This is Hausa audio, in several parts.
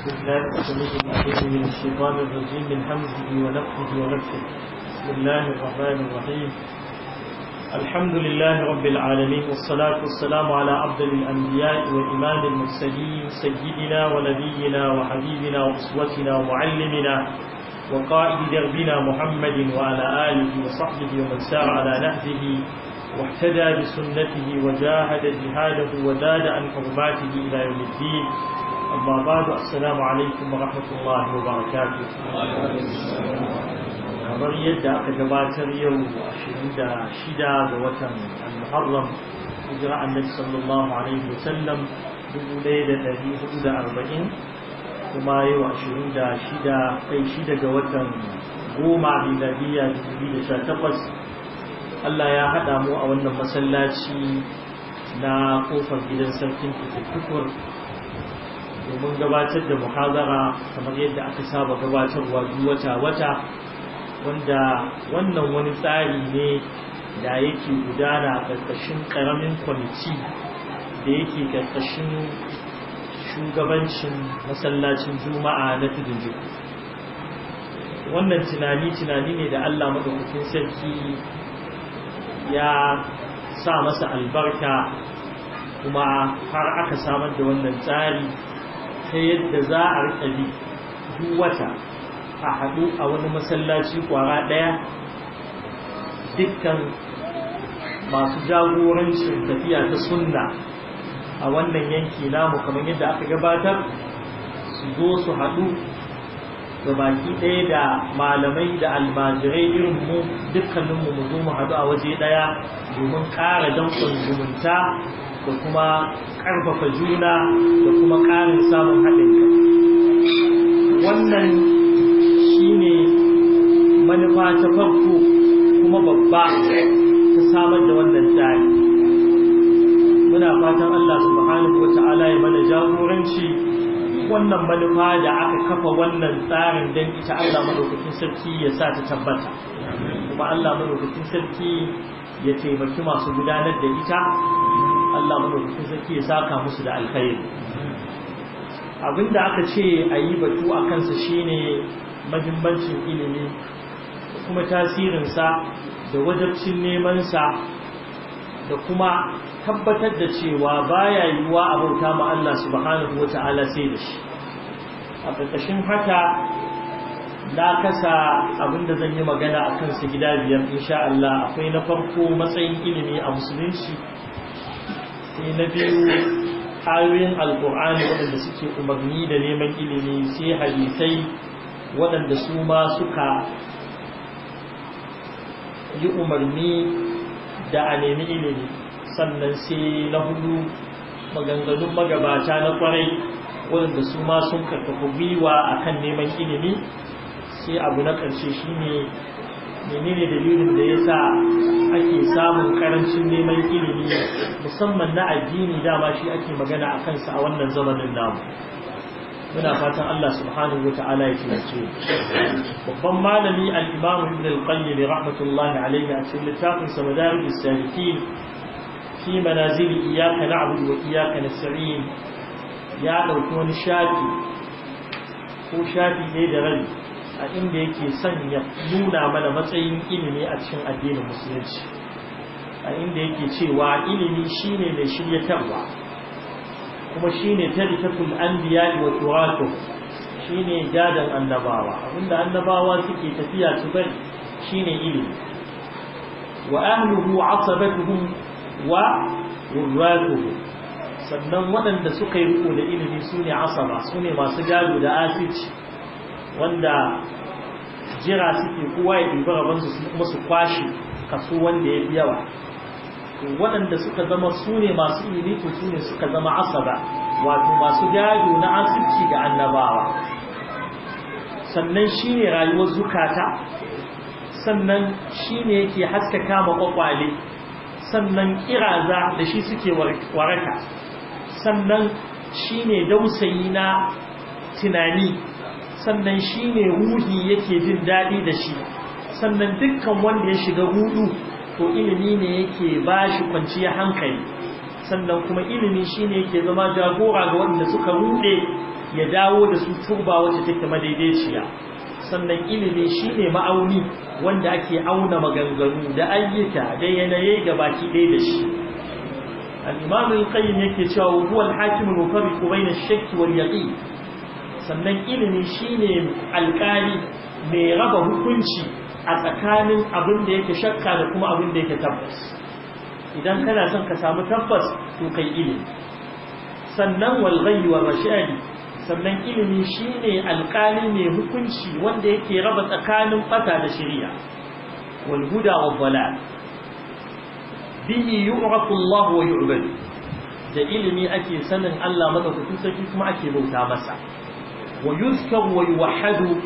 بسم الله الرحمن الرحيم الحمد لله رب العالمين والصلاة والسلام على عبد الأنبياء وإمام المرسلين سيدنا ونبينا وحبيبنا وأسوتنا ومعلمنا وقائد دربنا محمد وعلى آله وصحبه ومن سار على نهجه واهتدى بسنته وجاهد جهاده وزاد عن حرماته إلى يوم الدين أما بعد السلام عليكم ورحمة الله وبركاته kamar yadda aka gabatar yau shida ga watan al-muharram hijira annabi sallallahu alaihi wasallam 1440 kuma yau shida, kai 6 ga watan goma miladiya 2018 Allah ya haɗa mu a wannan masallaci na kofar gidan sarkin tukur domin gabatar da muhazara kamar yadda aka saba gabatarwa duk wata-wata wanda wannan wani tsari ne da yake gudana a ƙarƙashin ƙaramin kwamiti da yake ƙarƙashin shugabancin masallacin juma'a na tudunju wannan tunani tunani ne da allah maɗaukakin sarki ya sa masa albarka kuma har aka samar da wannan tsari ta yadda za a rika bi duk wata a haɗu a wani masallaci kwara ɗaya dukkan masu jagorancin tafiya ta sunna a wannan yanki namu kamar yadda aka gabatar su zo su haɗu da baki ɗaya da malamai da almajirai irin mu dukkaninmu mu zo mu haɗu a waje ɗaya domin ƙara danƙon zumunta da kuma karfafa juna da kuma ƙarin samun haɗin kai wannan shi ne manufa ta farko kuma babba ta samar da wannan tsari muna fatan Allah subhanahu wata'ala ya mana jagoranci wannan manufa da aka kafa wannan tsarin dan ita Allah madaukakin sarki ya sa ta tabbata kuma Allah madaukakin sarki ya taimaki masu gudanar da ita Allah madaukakin sarki ya saka musu da alkhairi abinda aka ce a yi batu a kansa shine mahimmancin ilimi kuma tasirinsa da wajabcin sa da kuma tabbatar da cewa baya yiwuwa a bauta ma Allah subhanahu wata'ala sai da shi a ƙarƙashin haka na kasa abinda zan yi magana a kansa gida biyar insha Allah akwai na farko matsayin ilimi a musulunci sai na biyu ayoyin alkur'ani waɗanda suke umarni da neman ilimi sai hadisai waɗanda su ma suka yi umarni da a nemi ilimi sannan sai na hudu maganganun magabata na kwarai waɗanda su ma sun karfafa gwiwa a kan neman ilimi sai abu na ƙarshe shine menene dalilin da ya sa ake samun karancin neman ilimi musamman na addini dama shi ake magana a kansa a wannan zamanin namu muna fatan Allah subhanahu wa ta'ala ya kiyace babban malami al-Imam Ibn al-Qayyim rahmatullahi alayhi a cikin littafin sa Madarij as-Salikin fi manazil iyyaka na'budu wa iyyaka nasta'in ya dauki wani shafi ko shafi ne da rai? a inda yake son ya nuna mana matsayin ilimi a cikin addinin musulunci a inda yake cewa ilimi shine mai shiryatarwa kuma shine tarikatul anbiya wa turatu shine gadan annabawa abinda annabawa suke tafiya su bari shine ilimi wa ahluhu asabatuhum wa wurratuhu sannan waɗanda suka yi riko da ilimi sune asaba sune masu gado da asici wanda jira suke kowa ya dubi rabansu su kuma su kwashe kaso wanda ya fi yawa waɗanda suka zama su ne masu ilimi to su ne suka zama asaba wato masu gado na asirci ga annabawa sannan shi ne rayuwar zukata sannan shi ne yake haskaka ma kwakwale sannan kiraza da shi suke waraka sannan shi ne dausayi na tunani sannan shi ne ruhi yake jin daɗi da shi sannan dukkan wanda ya shiga rudu to ilimi ne yake ba shi kwanciyar hankali sannan kuma ilimi shi ne yake zama jagora ga waɗanda suka rude ya dawo da su turba wacce take madaidaiciya sannan ilimi shi ne ma'auni wanda ake auna maganganu da ayyuka da yanayi ga baki ɗaya da shi al-qayyim yake cewa huwa al mufarriku bai na shakki wal yaƙi sannan ilimi shine alƙali mai raba hukunci a tsakanin abin da yake shakka da kuma abin da yake tabbas idan kana son ka samu tabbas to kai ilimi sannan wal wa rashadi sannan ilimi shine alƙali mai hukunci wanda yake raba tsakanin ɓata da shari'a wal huda wa dhalal bihi yu'rafu Allah wa yu'badu da ilimi ake sanin Allah madaukakin sarki kuma ake bauta masa wa yuzkar wa yuwahhadu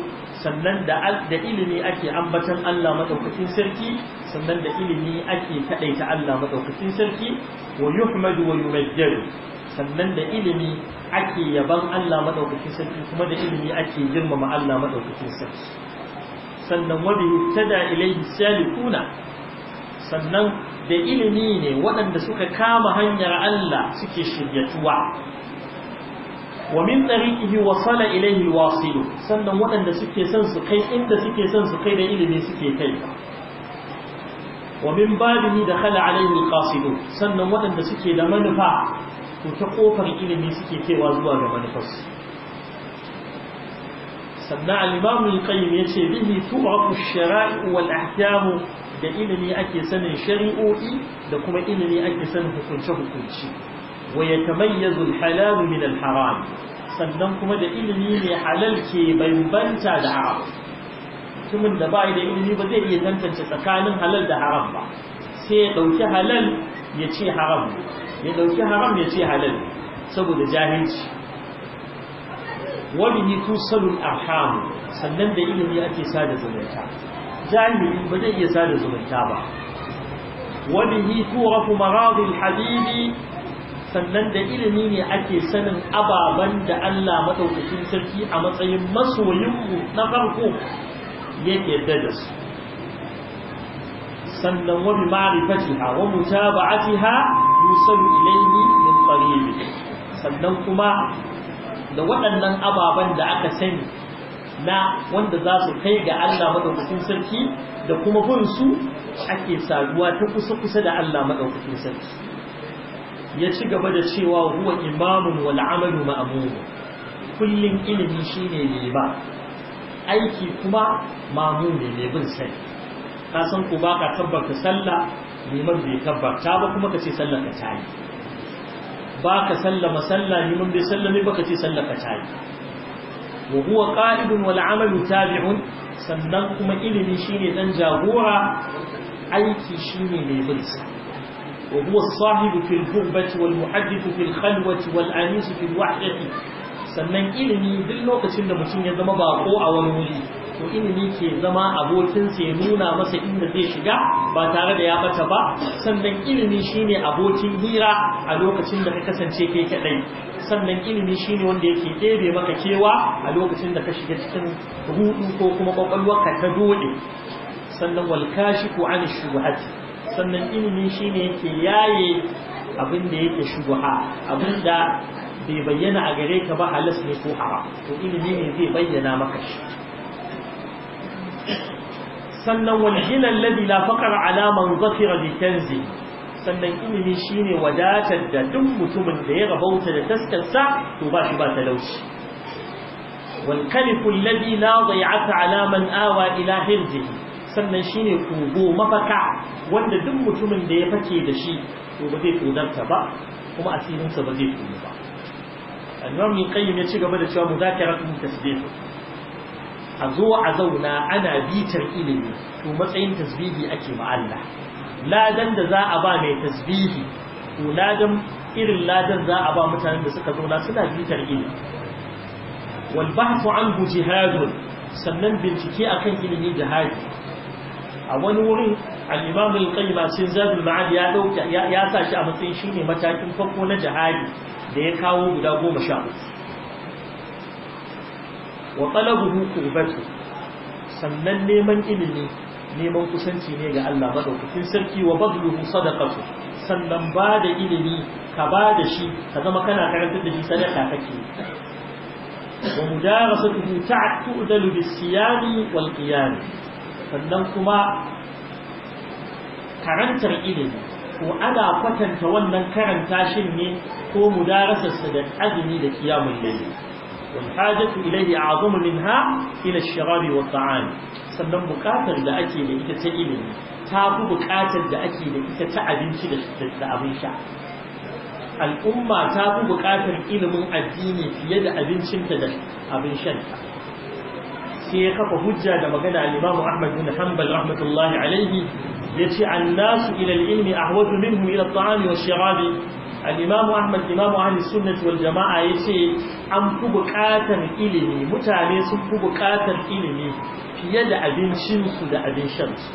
sannan da ilimi ake ambatan Allah madaukakin sarki sannan da ilimi ake kadaita Allah madaukakin sarki wa yuhmadu wa yumajjadu sannan da ilimi ake yaban Allah madaukakin sarki kuma da ilimi ake girmama Allah madaukakin sarki sannan wa bihi tada ilayhi salikuna sannan da ilimi ne waɗanda suka kama hanyar Allah suke shiryatuwa wa min tariqihi wasala ilayhi alwasilu sannan waɗanda suke son su kai inda suke son su kai da ilimi suke kai wa min babihi kala alayhi alqasidu sannan waɗanda suke da manufa to ta kofar ilimi suke kaiwa zuwa ga manufarsu sannan al-imam ya ce yace bihi tu'rafu sharai wal da ilimi ake sanin shari'o'i da kuma ilimi ake sanin hukunce hukunce wa yatamayyazu al-halal min al-haram sannan kuma da ilimi ne halal ke bambanta da haram mutumin da bai da ilimi ba zai iya tantance tsakanin halal da haram ba sai ya dauki halal ya ce haram ya dauki haram ya ce halal saboda jahilci wani tusalul arham sannan da ilimi ake sada zumunta jahili ba zai iya sada zumunta ba wani kuma maradil habibi sannan da ilimi ne ake sanin ababen da Allah maɗaukakin sarki a matsayin masoyinmu na farko yake da su sannan wani ha wa mutaba'atiha yusalu ne min ne. sannan kuma da waɗannan ababen da aka sani na wanda za su kai ga Allah madaukakin sarki da kuma bin su ake saduwa ta kusa-kusa da Allah madaukakin sarki ya ci gaba da cewa huwa imamun wal amalu ma'mum kullun ilimi shine liba aiki kuma mamu ne mai bin sai ka san ku ba ka tabbata sallah liman bai tabbata ba kuma ka ce sallah ka tayi ba ka sallama sallah liman bai sallame ba ka ce sallah ka tayi wa huwa qa'idun wal amalu tabi'un sannan kuma ilimi shine dan jagora aiki shine mai bin sai وهو الصاحب في الغربة والمحدث في الخلوة والآنيس في الوحدة sannan ilimi duk lokacin da mutum ya zama bako a wani wuri to ilimi ke zama abokinsa ya nuna masa inda zai shiga ba tare da ya bata ba sannan ilimi shine abokin hira a lokacin da ka kasance kai kadai sannan ilimi shine wanda yake ɗebe maka kewa a lokacin da ka shiga cikin rudu ko kuma kwakwalwarka ta dole sannan walkashi ko an shubuhati sannan ilimi shine yake yaye abin da yake shubha abin da bai bayyana a gare ka ba halas ne ko haram to ilimi ne zai bayyana maka shi sannan wal ghina alladhi la faqara ala man zafira bi kanzi sannan ilimi shine wadatar da duk mutumin da ya rabauta da taskarsa to ba shi ba talauci wal kalifu alladhi la dhay'ata ala man awa ila hirzihi sannan shine kogo mafaka wanda duk mutumin da ya fake da shi to ba zai tsodarta ba kuma asirinsa ba zai tsoro ba annabi min qayyim ya ci gaba da cewa mu tasbih a zo a zauna ana bitar ilimi to matsayin tasbihi ake ma Allah ladan da za a ba mai tasbihi to ladan irin ladan za a ba mutanen da suka zauna suna bitar ilimi wal bahthu anhu jihadun sannan bincike akan ilimi jihadi a wani wurin al-imam al-qayyim cikin ya dauka ya sa shi a matsayin shine matakin farko na jihadi da ya kawo guda goma sha wa talabuhu qurbatu sannan neman ilimi neman kusanci ne ga Allah madaukakin sarki wa badluhu sadaqatu sannan ba da ilimi ka ba da shi ka zama kana karantar da shi sadaka kake wa mudarasatuhu ta'tudalu bis-siyami wal qiyam sannan kuma karantar ilimi ko ana kwatanta wannan karanta shin ne ko sa da azumi da kiyamun lalle wal hajatu ilayhi a'zamu minha ila ash-sharabi wa ta'am sannan buƙatar da ake da ita ta ilimi ta fi buƙatar da ake da ita ta abinci da abin sha al'umma ta fi buƙatar ilimin addini fiye da abincinta da abin shanta sai ya kafa hujja da magana al-Imam Ahmad bin Hanbal rahmatullahi alaihi yace annasu ila ilmi ahwaju minhu ila at wa wash al-Imam Ahmad Imam Ahli sunnati wal Jama'a yace an fi buƙatar ilimi mutane sun fi buƙatar ilimi fiye da abincin su da abin shan su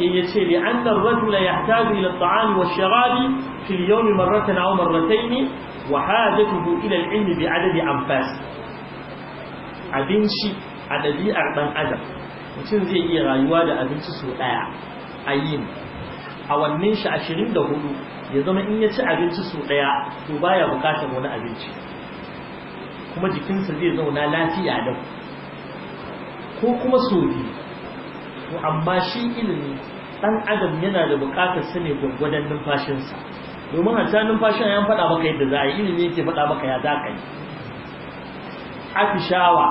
sai yace li anna ar-rajula yahtaju ila at wa wash-shirab yawm marratan aw marratayn wa hajatuhu ila al-ilmi bi 'adadi anfas abinci a ɗabi'ar ɗan adam mutum zai iya rayuwa da abinci sau ɗaya a yin awannin shi ashirin da hudu ya zama in ya ci abinci sau ɗaya to baya bukatar wani abinci kuma jikinsa zai zauna lafiya ku, ko kuma sau biyu amma shi ilimi ɗan adam yana da bukatar sa ne gwagwadon numfashinsa domin hatta numfashin ya faɗa maka yadda za a yi ilimi yake faɗa maka ya za ka yi shawa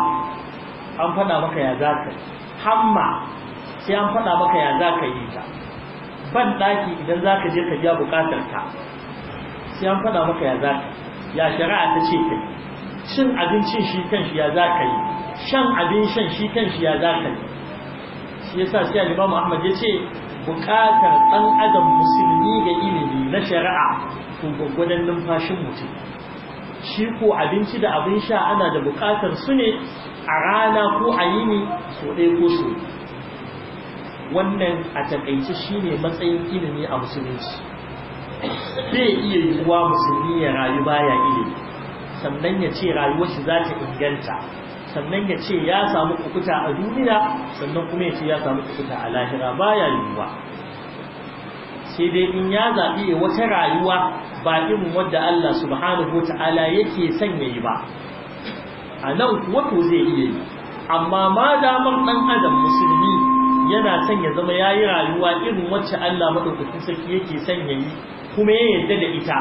an faɗa maka ya za ka yi hamma sai an faɗa maka ya za ka yi ta ban ɗaki idan za ka je ka biya buƙatar ka sai an faɗa maka ya za ka ya shari'a ta ce ka yi cin abincin shi kan shi ya za ka yi shan abin shan shi kan shi ya za ka yi shi yasa sai alimamu ahmad ya ce buƙatar ɗan adam musulmi ga ilimi na shari'a kun gwaggwadon numfashin mutum shi ko abinci da abin sha ana da buƙatar su ne a rana ko a yini so ɗaya ko so wannan a takaice ne matsayin ilimi a musulunci zai iya yi yiwuwa musulmi ya rayu baya ilimi sannan ya ce shi za ta inganta sannan ya ce ya samu kukuta a duniya sannan kuma ya ce ya samu kukuta a lahira baya yiwuwa sai dai in ya zaɓi wata rayuwa ba irin wadda Allah subhanahu wa ta'ala yake son ya yi ba a nan kuwa to zai iya yi amma ma damar ɗan adam musulmi yana son ya zama ya yi rayuwa irin wacce Allah maɗaukakin sarki yake son ya yi kuma ya yarda da ita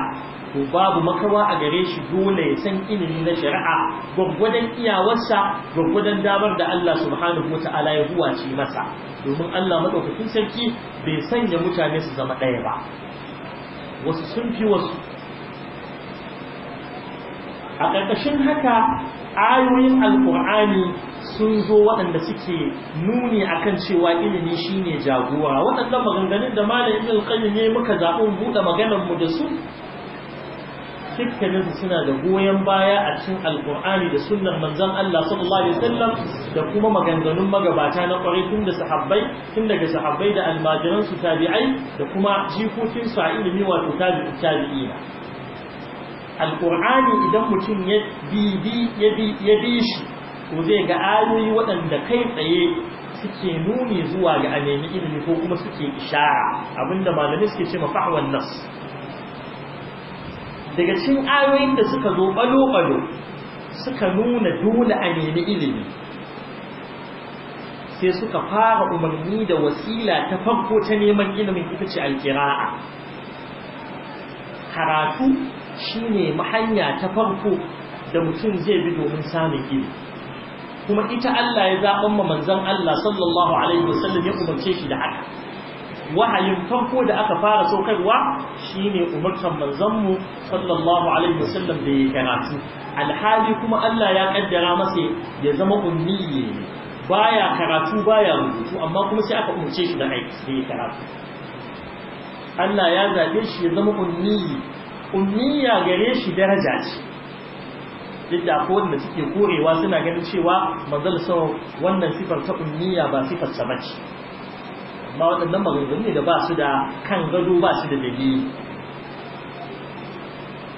to babu makawa a gare shi dole ya san ilimi na shari'a gwaggwadon iyawarsa gwaggwadon damar da Allah subhanahu wata'ala ya huwace masa domin Allah maɗaukakin sarki bai sanya mutane su zama ɗaya ba wasu sun fi wasu a ƙarƙashin haka ayoyin alƙur'ani sun zo waɗanda suke nuni akan cewa ilimi shine jagora waɗannan maganganun da malam ibn ne muka zaɓi mu buɗe maganar mu da su dukkanin su suna da goyon baya a cikin alƙur'ani da sunan manzon Allah sallallahu alaihi wasallam da kuma maganganun magabata na ƙwarai tun da sahabbai tun daga sahabbai da almajiransu, tabi'ai da kuma jikokinsu a ilimi wato tabi'i tabi'ina alƙur'ani idan mutum ya bi shi ko zai ga ayoyi waɗanda kai tsaye suke nuni zuwa ga a ilimi ko kuma suke ishara abinda malami suke ce mafa'awan nas daga cikin ayoyin da suka zo ɓalo-ɓalo suka nuna dole a ilimi sai suka fara umarni da wasila ta farko ta neman ilimin ita ce alkira'a karatu Shi ne mahanya ta farko da mutum zai bi domin samun gini kuma ita Allah ya zaɓan ma manzan Allah sallallahu alaihi wasallam ya umarce shi da haka wahayin farko da aka fara saukarwa ne umartan manzanmu sallallahu alaihi wasallam da ya karatu alhali kuma Allah ya kaddara masa ya zama ba baya karatu baya rubutu amma kuma sai aka umarce shi da aiki sai ya karatu Allah ya zaɓe shi ya zama ummiye ummiya gare shi daraja ce duk da ko wanda suke korewa suna ganin cewa manzal sau wannan sifar ta ummiya ba sifar sa bace amma waɗannan maganganu ne da ba su da kan gado ba su da dalili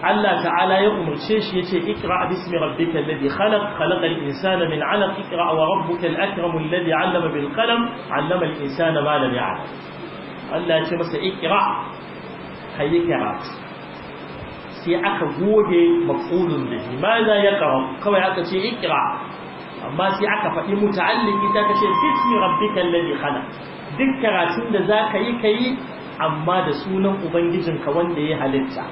Allah ta'ala ya umarce shi yace ikra bismi rabbikal ladhi khalaq khalaqal insana min 'alaq ikra wa rabbukal akram alladhi 'allama bil qalam 'allama al insana ma lam ya'lam Allah ya ce masa ikra kayi karatu sai aka gode maf'ulun ba za ya kawo kawai aka ce ikira amma sai aka faɗi allin ita ka ce bismi rabbikal ladhi khalaq duk karatun da zaka yi kai amma da sunan ubangijin ka wanda ya halitta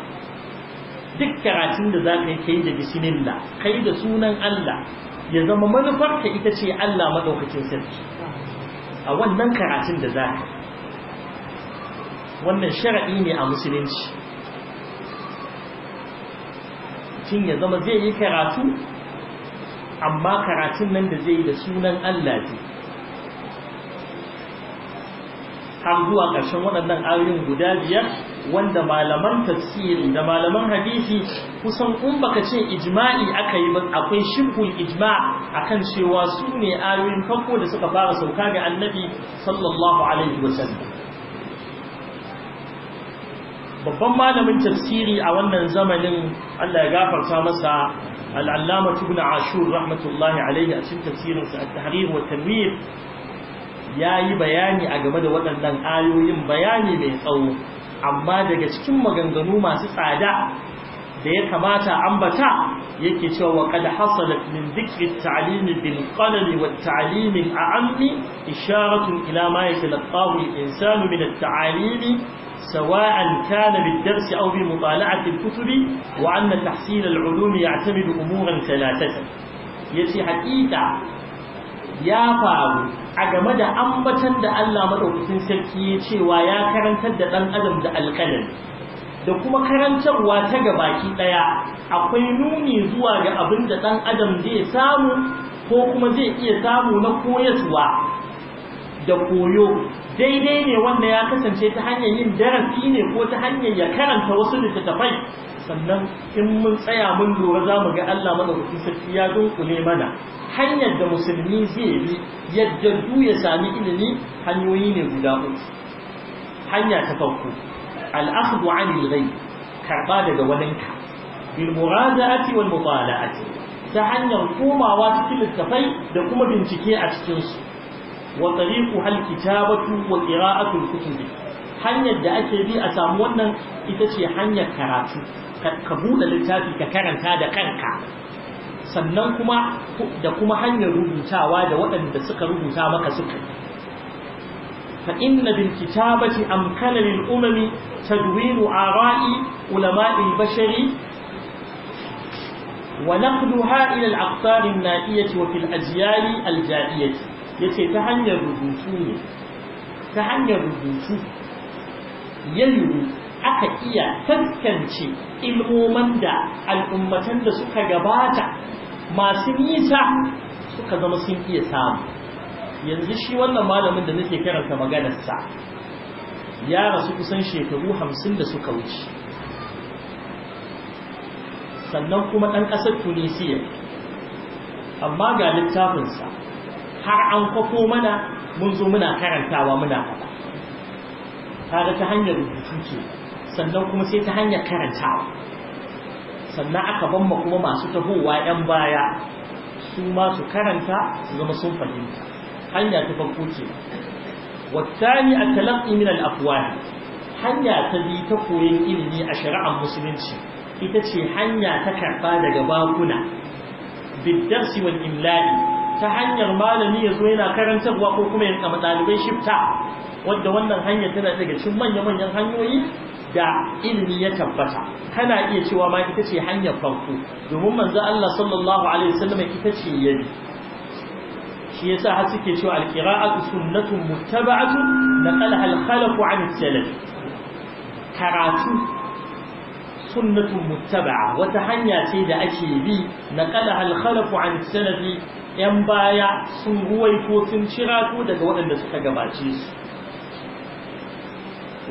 duk karatun da zaka yi kai da bismillah kai da sunan Allah ya zama manufarka ita ce Allah madaukakin sarki a wannan karatun da zaka wannan shar'i ne a musulunci mutum ya zama zai yi karatu amma karatun nan da zai yi da sunan Allah ce har zuwa ƙarshen waɗannan ayoyin guda biyar wanda malaman tafsiri da malaman hadisi kusan kun baka ce ijma'i aka yi akwai shibhul ijma akan cewa su ne ayoyin farko da suka fara sauka ga annabi sallallahu alaihi wasallam babban malamin tafsiri a wannan zamanin Allah ya gafarta masa al'allama tubna ashur rahmatullahi alaihi a cikin tafsirinsa a tahrir wa tanwir ya yi bayani a game da waɗannan ayoyin bayani mai tsawo amma daga cikin maganganu masu tsada da ya kamata ambata yake cewa wa qad hasalat min dhikri at-ta'lim bil qalami wa at-ta'lim al-ammi isharatun ila ma yatalaqahu al-insanu min at سواء كان بالدرس aure بمطالعة الكتب وأن تحصيل tahsilal يعتمد أمورا ثلاثة يسي حقيقة ya ce ya faru a game da ambatar da Allah maɗaukakin sarki ya cewa ya karantar da ɗan adam da alƙalin da kuma karantarwa ta ga baki ɗaya akwai nuni zuwa ga abin da ɗan adam zai samu ko kuma zai iya samu na koyaswa da koyo daidai ne wanda ya kasance ta hanyar yin darasi ne ko ta hanyar ya karanta wasu littattafai sannan in mun tsaya mun lura za mu ga Allah madaukakin sarki ya dunkule mana hanyar da musulmi zai bi yadda du ya sami ilimi hanyoyi ne guda uku hanya ta farko al-akhdhu 'anil ghayb karba daga waninka bil murada'ati wal mutala'ati ta hanyar komawa cikin littafai da kuma bincike a cikin su wa tariqu hal kitabatu wa qira'atul kutub hanyar da ake bi a samu wannan ita ce hanyar karatu ka buɗe littafi ka karanta da kanka sannan kuma da kuma hanyar rubutawa da waɗanda suka rubuta maka suka fa inna bil kitabati amkana lil umami tadwin ara'i ulama'i bashari wa naqluha ila al aqtar an na'iyati wa fil ajyali al ja'iyati yace ta hanyar rubutu ne ta hanyar rubutu yalwu aka iya tantance ilmoman da al'ummatan da suka gabata masu nisa suka zama sun iya samu yanzu shi wannan malamin da nake karanta maganarsa ya rasu kusan shekaru hamsin da suka wuce sannan kuma ɗan ƙasar tunisiya amma ga littafinsa har an kwafo mana mun zo muna karantawa muna faɗa kaga ta hanyar rubutu ce sannan kuma sai ta hanyar karantawa sannan aka ma kuma masu tahowa yan baya su masu su karanta su zama sun fahimta hanya ta farko ce wattani a talaqqi min hanya ta bi ta koyon ilimi a shari'ar musulunci ita ce hanya ta karba daga bakuna bid-darsi wal imla'i ta hanyar malami ya zo yana karantarwa ko kuma ya kama ɗalibai shifta wadda wannan hanyar tana daga cikin manya-manyan hanyoyi da ilimi ya tabbata kana iya cewa ma ita ce hanyar farko domin manzo Allah sallallahu alaihi wasallam ita ce yayi shi yasa har suke cewa alqira'atu sunnatun muttaba'atun naqalaha al-khalaqu 'an as-salaf karatu sunnatun muttaba'a wata hanya ce da ake bi naqalaha al-khalaqu 'an as-salaf 'yan baya sun ruwaito sun cirato daga waɗanda suka gabace su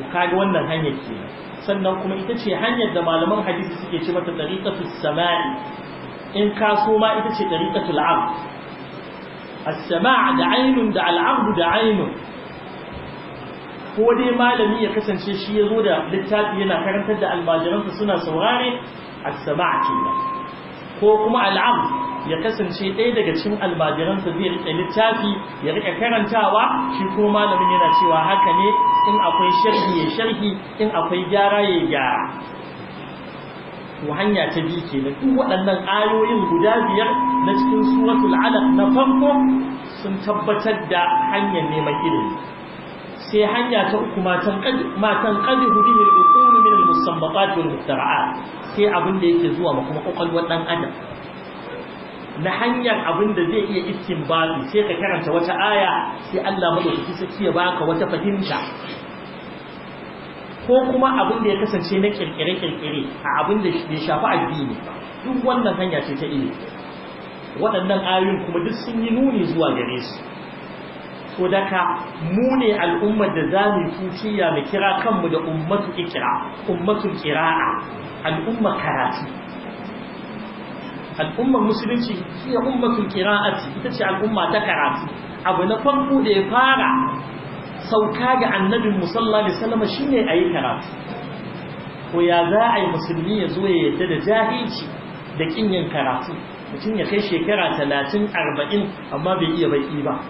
ku kaga wannan hanyar ke sannan kuma ita ce hanyar da malaman hadisi suke ce mata tariqatus sama'i in kaso ma ita ce tariqatul abd as da ainun da alabdu da ainun ko dai malami ya kasance shi ya zo da littafi yana karantar da almajiransa suna saurare as-sama' ko kuma al ya kasance ɗaya daga cikin almajiransa zai rike littafi ya rike karantawa shi ko malamin yana cewa haka ne in akwai sharhi ya sharhi in akwai gyara ya gyara hanya ta biyu kenan duk waɗannan ayoyin guda biyar na cikin suratul alaq na farko sun tabbatar da hanyar neman ilimi sai hanya ta uku matan qad matan qad hudihi al-uqul min sai abin da yake zuwa ma kuma kokalwar dan adam na hanyar abin da zai iya istinbatu sai ka karanta wata aya sai Allah madaukaki saki ya baka wata fahimta ko kuma abin da ya kasance na kirkire-kirkire a abin da ya shafi addini duk wannan hanya ce ta ilimi waɗannan ayoyin kuma duk sun yi nuni zuwa gare su so mu ne al'ummar da za mu tuciya mu kira kanmu da ummatu ikira ummatul qira'a al'ummar karatu al'ummar musulunci shi ya ummatul qira'ati ita ce al'umma ta karatu abu na farko da ya fara sauka ga annabin musallar da salama shine ayi karatu ko ya za a yi musulmi ya zo ya yadda da jahilci da kin yin karatu mutum ya kai shekara talatin arba'in amma bai iya baki ba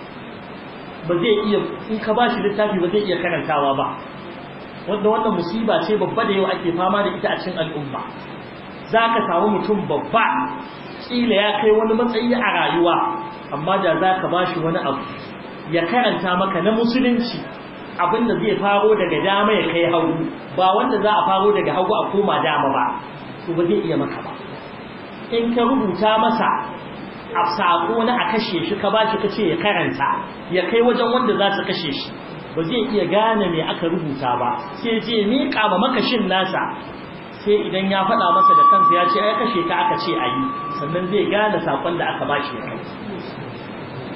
ba zai iya in ka ba shi littafi ba zai iya karantawa ba wanda wannan musiba ce babba da yau ake fama da ita a cikin al'umma za ka samu mutum babba Tsila ya kai wani matsayi a rayuwa amma da za ka ba shi wani abu ya karanta maka na musulunci abin zai faro daga dama ya kai hagu ba wanda za a faro daga hagu a koma dama ba to ba zai iya maka ba in ka rubuta masa a saƙo na a kashe shi ka ba shi ka ce ya karanta ya kai wajen wanda za su kashe shi ba zai iya gane mai aka rubuta ba sai je miƙa ma makashin nasa sai idan ya faɗa masa da kansa ya ce ai kashe ka aka ce ayi sannan zai gane sakon da aka bashi ya kai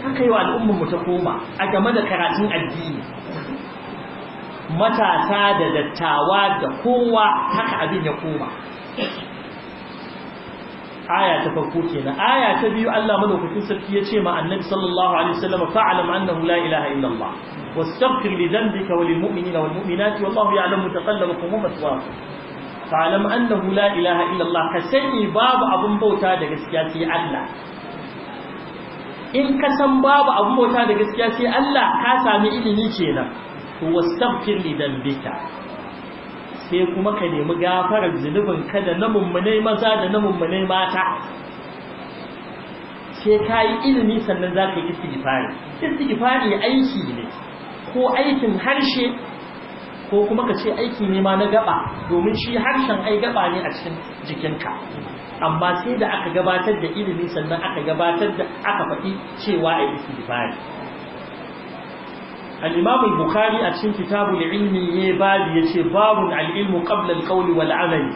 haka yi wa al'ummar mu ta koma a game da karatun addini matasa da dattawa da kowa haka abin ya koma aya ta farko kenan aya ta biyu Allah madaukakin sarki ya ce ma annabi sallallahu alaihi wasallam fa'alam annahu la ilaha illa Allah واستغفر لذنبك وللمؤمنين والمؤمنات والله يعلم متقلبكم ومثواكم falam annahu la ilaha illallah ka sani babu abun bauta da gaskiya sai Allah in ka san babu abun bauta da gaskiya sai Allah ka sami ilimi kenan to wastaghfir li dambika sai kuma ka nemi gafarar zunubin ka da na mummunai maza da na mummunai mata sai ka yi ilimi sannan za ka yi istighfari istighfari aiki ne ko aikin harshe ko kuma ka ce aiki ne ma na gaba domin shi harshen ai gaba ne a cikin jikinka amma sai da aka gabatar da ilimi sannan aka gabatar da aka faɗi cewa a yi al-imam al-bukhari a cikin kitabul ilmi ne babu yace babun al-ilmu qabla al-qawli wal amali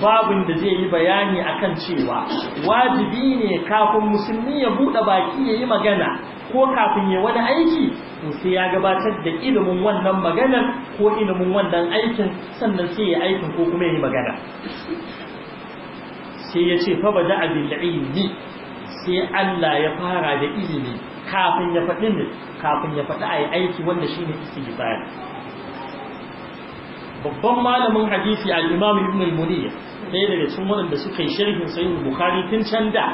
babin da zai yi bayani akan cewa wajibi ne kafin musulmi ya buɗe baki ya yi magana ko kafin ya wani aiki sai ya gabatar da ilimin wannan maganar ko ilimin wannan aikin sannan sai ya aikin ko kuma ya yi magana sai ya ce fa abin da ilimi sai Allah ya fara da ilimi kafin ya faɗi kafin ya faɗi a yi aiki wanda shi ne shine istighfar babban malamin hadisi al-imam ibn al ɗaya daga cikin waɗanda suka yi sharhin sahih bukhari tun can da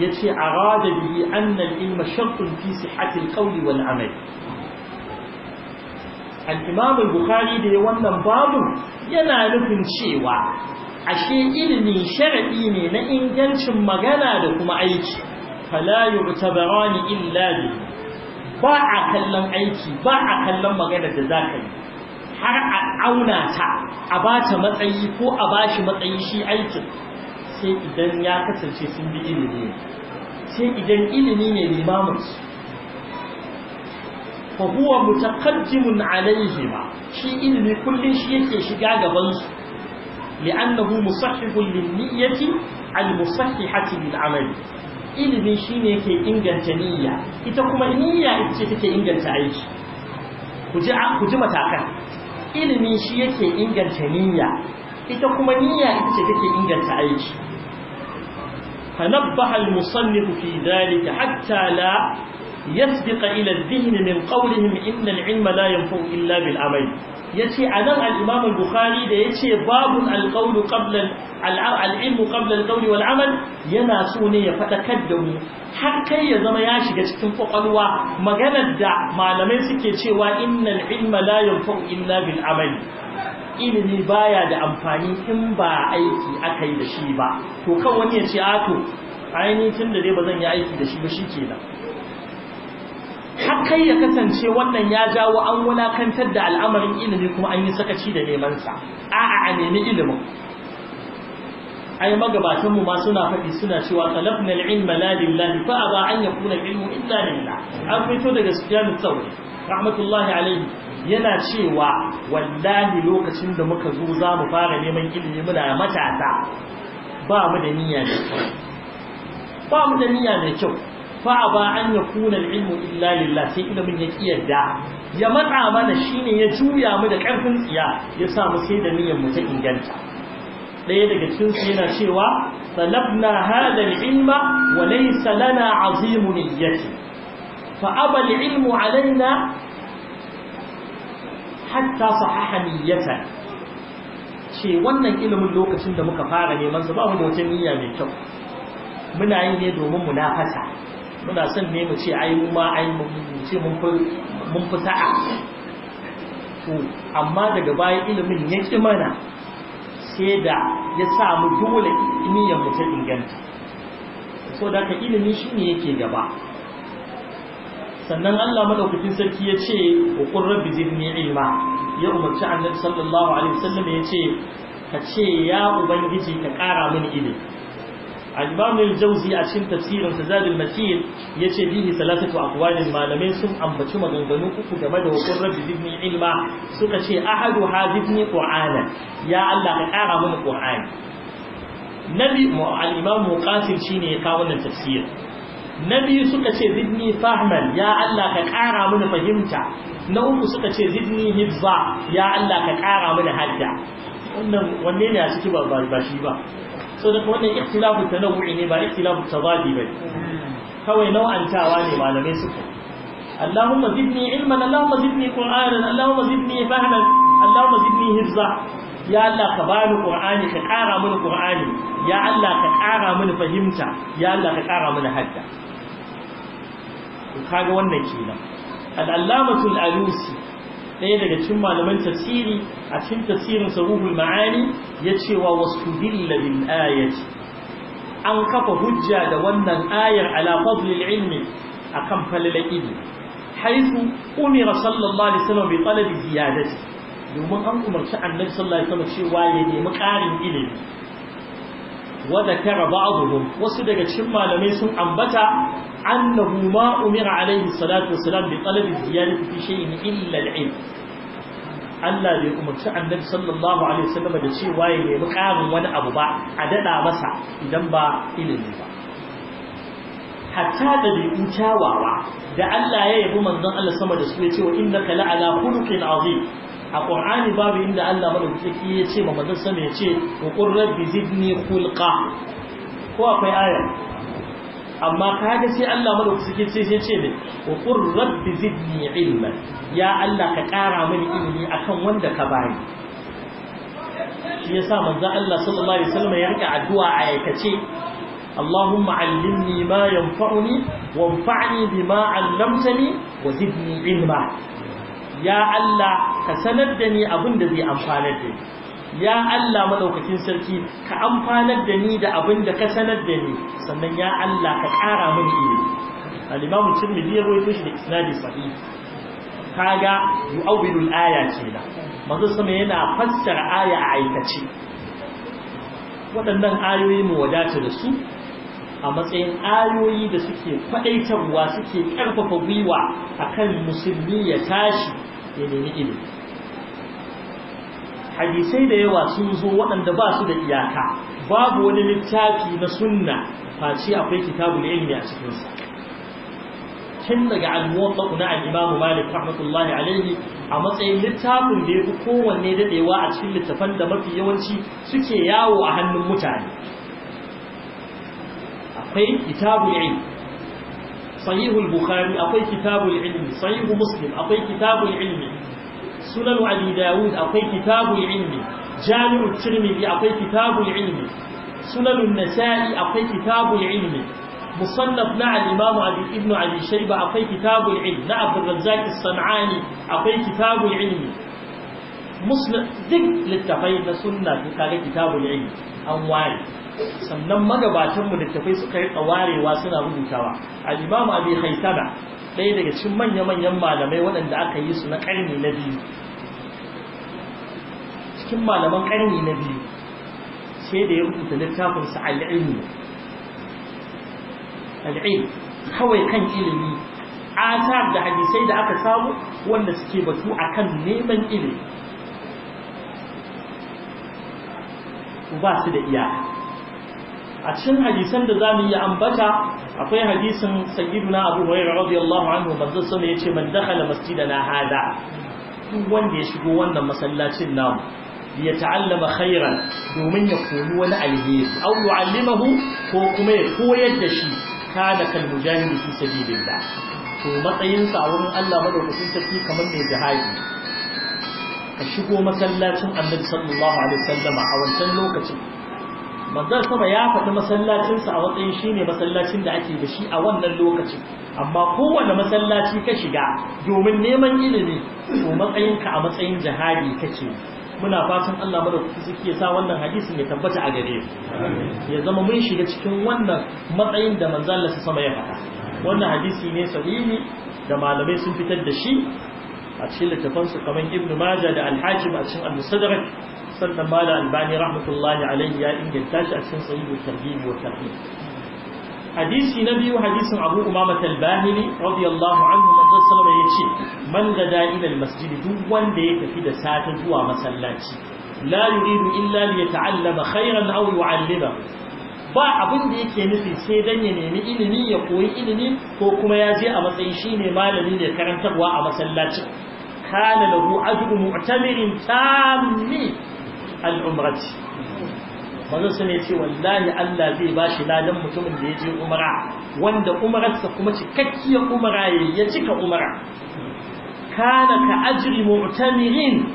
yace arada bihi anna al-ilma shartun fi sihhati al-qawl wal amal al-imam al-bukhari da wannan babu yana nufin cewa ashe ilimi sharadi ne na ingancin magana da kuma aiki fala yu'tabarani illa bi ba a kallon aiki ba a kallon magana da zaka yi har a auna ta a ba ta matsayi ko a ba shi matsayi shi aikin sai idan ya kasance sun bi ilimi sai idan ilimi ne limaminsu fa huwa mutaqaddimun ba, shi ilimi kullun shi yake shiga gaban su li'annahu musahhihun lin-niyyati al ilimi shine yake inganta niyya ita kuma niyya ita ce take inganta aiki ku ji matakan ilimi shi yake inganta niyya ita kuma niyya ita ce take inganta aiki فنبه المصنف في ذلك حتى لا يسبق إلى الذهن من قولهم إن العلم لا ينفع إلا بالعمل yace anan al-Imam al-Bukhari da yace babun al-qawl qabla al-ilm wal amal yana so ne ya faɗa da mu har kai ya zama ya shiga cikin kwakwalwa maganar da malamai suke cewa innal ilma la yanfa'u illa bil amal ilimi baya da amfani in ba aiki yi da shi ba to kan wani ya ce a to ainihin tun da dai ba zan yi aiki da shi ba shikenan har kai ya kasance wannan ya jawo an wulakantar da al'amarin ilimi kuma an yi sakaci da neman sa a'a a nemi ilimin ai magabatan mu ma suna faɗi suna cewa talabna al-ilma la lillahi fa aba an yakuna ilmu illa lillah an fito daga Sufyan al-Thawri rahmatullahi alayhi yana cewa wallahi lokacin da muka zo za mu fara neman ilimi muna matata ba mu da niyya ba mu da niyya mai kyau fa an yakuna al-ilmu illa lillah sai ilimin ya kiyarda ya matsa mana shine ya juya mu da karfin tsiya ya sa mu sai da niyyar mu ta inganta daya daga cikin su yana cewa talabna hada ilma wa laysa lana azimun niyyati fa aba ilmu alaina hatta sahaha niyyatan ce wannan ilimin lokacin da muka fara neman sa ba mu da wata niyya mai kyau muna yi ne domin munafasa muna son ne mu ce ai mu ma ai mu ce mun fi mun fi sa'a to amma daga baya ilimin ya ki mana sai da ya sa mu dole niyyar mu ta inganta so da ka shi ne yake gaba sannan Allah madaukakin sarki ya ce wa qurra rabbi zidni ilma ya umarci annabi sallallahu alaihi wasallam ya ce ka ce ya ubangiji ka kara mini ilimi al-imam al-jawzi a cikin tafsirin tazad al-matin yace bihi salatatu aqwalin malamai sun ambaci maganganu uku game da hukun rabbi bibni ilma suka ce ahadu hadithni qur'ana ya Allah ka kara mana qur'ani nabi al-imam muqatil shine ya kawo wannan tafsir nabi suka ce zidni fahman ya Allah ka kara mana fahimta na uku suka ce zidni hibza ya Allah ka kara mana hadda wannan wanne ne a ciki ba ba shi ba so da wannan ikhtilafu tanawu'i ne ba ikhtilafu tazadi bane kawai nau'antawa ne malamai suka Allahumma zidni ilman Allahumma zidni qur'anan Allahumma zidni fahman Allahumma zidni hizza ya Allah ka bani qur'ani ka kara mini qur'ani ya Allah ka kara mini fahimta ya Allah ka kara mini hadda kaga wannan kenan al-allamatul alusi ɗaya daga cikin malaman tafsiri a cikin tafsirin sa ruhul ma'ani ya ce wa wasu dilla bil ayati an kafa hujja da wannan ayar ala fadlil ilmi akan falala ilmi haisu umira sallallahu alaihi wasallam bi talabi ziyadati domin an umarci annabi sallallahu alaihi wasallam cewa ya nemi ƙarin ilimi wa zakara ba'dhum wasu daga cikin malamai sun ambata annahu ma umira alaihi salatu wassalam bi talabi ziyadati fi shay'in illa al-ilm Allah bai umarci annabi sallallahu alaihi wasallam da cewa ya nemi karin wani abu ba a daɗa masa idan ba ilimi ba hatta da bi'u kyawawa da Allah ya yabi manzon Allah sama da su ya ce wa innaka la'ala khuluqin azim a ƙur'ani babu inda Allah madaukaki ya ce ma manzon sama ya ce wa qur rabbi zidni khulqa ko akwai aya amma kaga sai Allah madaukaki sai sai ce ne wa qur rabbi zidni ilma, ya Allah ka kara mini ilimi akan wanda ka bani shi yasa manzo Allah sallallahu alaihi wasallam ya rika addu'a a aikace اللهم علمني ما ينفعني وانفعني بما wa zidni ilma. Ya Allah ka sanar da ni abin da zai amfana da ni ya Allah madaukakin sarki ka amfanar da ni da abin da ka sanar da ni sannan ya Allah ka ƙara min ilimi al cin tirmidhi ya rawaito shi da isnadi sahih kaga yu'awwilul aya ce da, manzo sama yana fassara aya a aikace waɗannan ayoyi mu wadata da su a matsayin ayoyi da suke faɗaitarwa suke ƙarfafa gwiwa a kan musulmi ya tashi ya nemi ilimi hadisai da yawa sun zo waɗanda ba su da iyaka babu wani littafi na sunna face akwai kitabul ilmi a cikinsu. tun daga al-muwaffaq na al-imamu malik rahmatullahi alaihi a matsayin littafin da yafi kowanne dadewa a cikin littafan da mafi yawanci suke yawo a hannun mutane akwai kitabul ilmi sahihul bukhari akwai kitabul ilmi sahihu muslim akwai kitabul ilmi sunan abi dawud akwai kitabul ilmi jami'ut tirmidhi akwai kitabul ilmi sunan nasa'i akwai kitabul ilmi مصنف مع الإمام akwai ابن أبي شيبة أقي كتاب العلم مع عبد الرزاق الصنعاني أقي كتاب العلم مسلم ذك للتفاي لسنة كتاب كتاب an أنواري sannan magabatanmu da tafai suka yi tsawarewa suna rubutawa al'imamu abi haitama ɗaya daga cikin manya-manyan malamai waɗanda aka yi su na ƙarni na biyu cikin malaman ƙarni na biyu sai da ya rubuta littafinsa al'ilmi al'ilmi kawai kan ilimi atar da hadisai da aka samu wanda suke batu akan neman ilimi ba su da iyaka a cikin hadisan da za mu iya ambata akwai hadisin na abu hurairah radiyallahu anhu manzon sama yace man dakhala na hada duk wanda ya shigo wannan masallacin namu ya ta'allama khairan domin ya koyi wani alheri aw yu'allimahu ko kuma ya koyar da shi kana kal mujahidi fi sabilillah to matsayin sa wurin Allah madaukakin sarki kamar mai jihadi ka shigo masallacin Annabi sallallahu alaihi wasallama a wancan lokacin manzon sama ya faɗi masallacinsa a matsayin shine masallacin da ake da shi a wannan lokacin amma kowane masallaci ka shiga domin neman ilimi to matsayinka a matsayin jihadi kake muna fatan Allah ku suke sa wannan hadisin ya tabbata a gare ya zama mun shiga cikin wannan matsayin da manzon Allah sama ya faɗa wannan hadisi ne sahihi da malamai sun fitar da shi a cikin littafansu kamar Ibn Majah da Al-Hakim a cikin Al-Mustadrak sannan mala albani rahmatullahi alaihi ya inganta shi a cikin sahihu tarhib wa hadisi na biyu hadisin abu umama talbahili radiyallahu anhu manzon sallama ya ce man gada da'ilal almasjid duk wanda ya tafi da safe zuwa masallaci la yuridu illa li yata'allama khairan aw yu'allima ba abin da yake nufi sai dan ya nemi ilimi ya koyi ilimi ko kuma ya je a matsayin shine malami ne karantarwa a masallacin kana lahu ajru mu'tamirin tammi al'umrati su ne ce wallahi Allah zai ba shi ladan mutumin da ya je Umara, wanda umrarsa kuma cikakkiyar umara ya cika umara kana ka ajiri mu'tamirin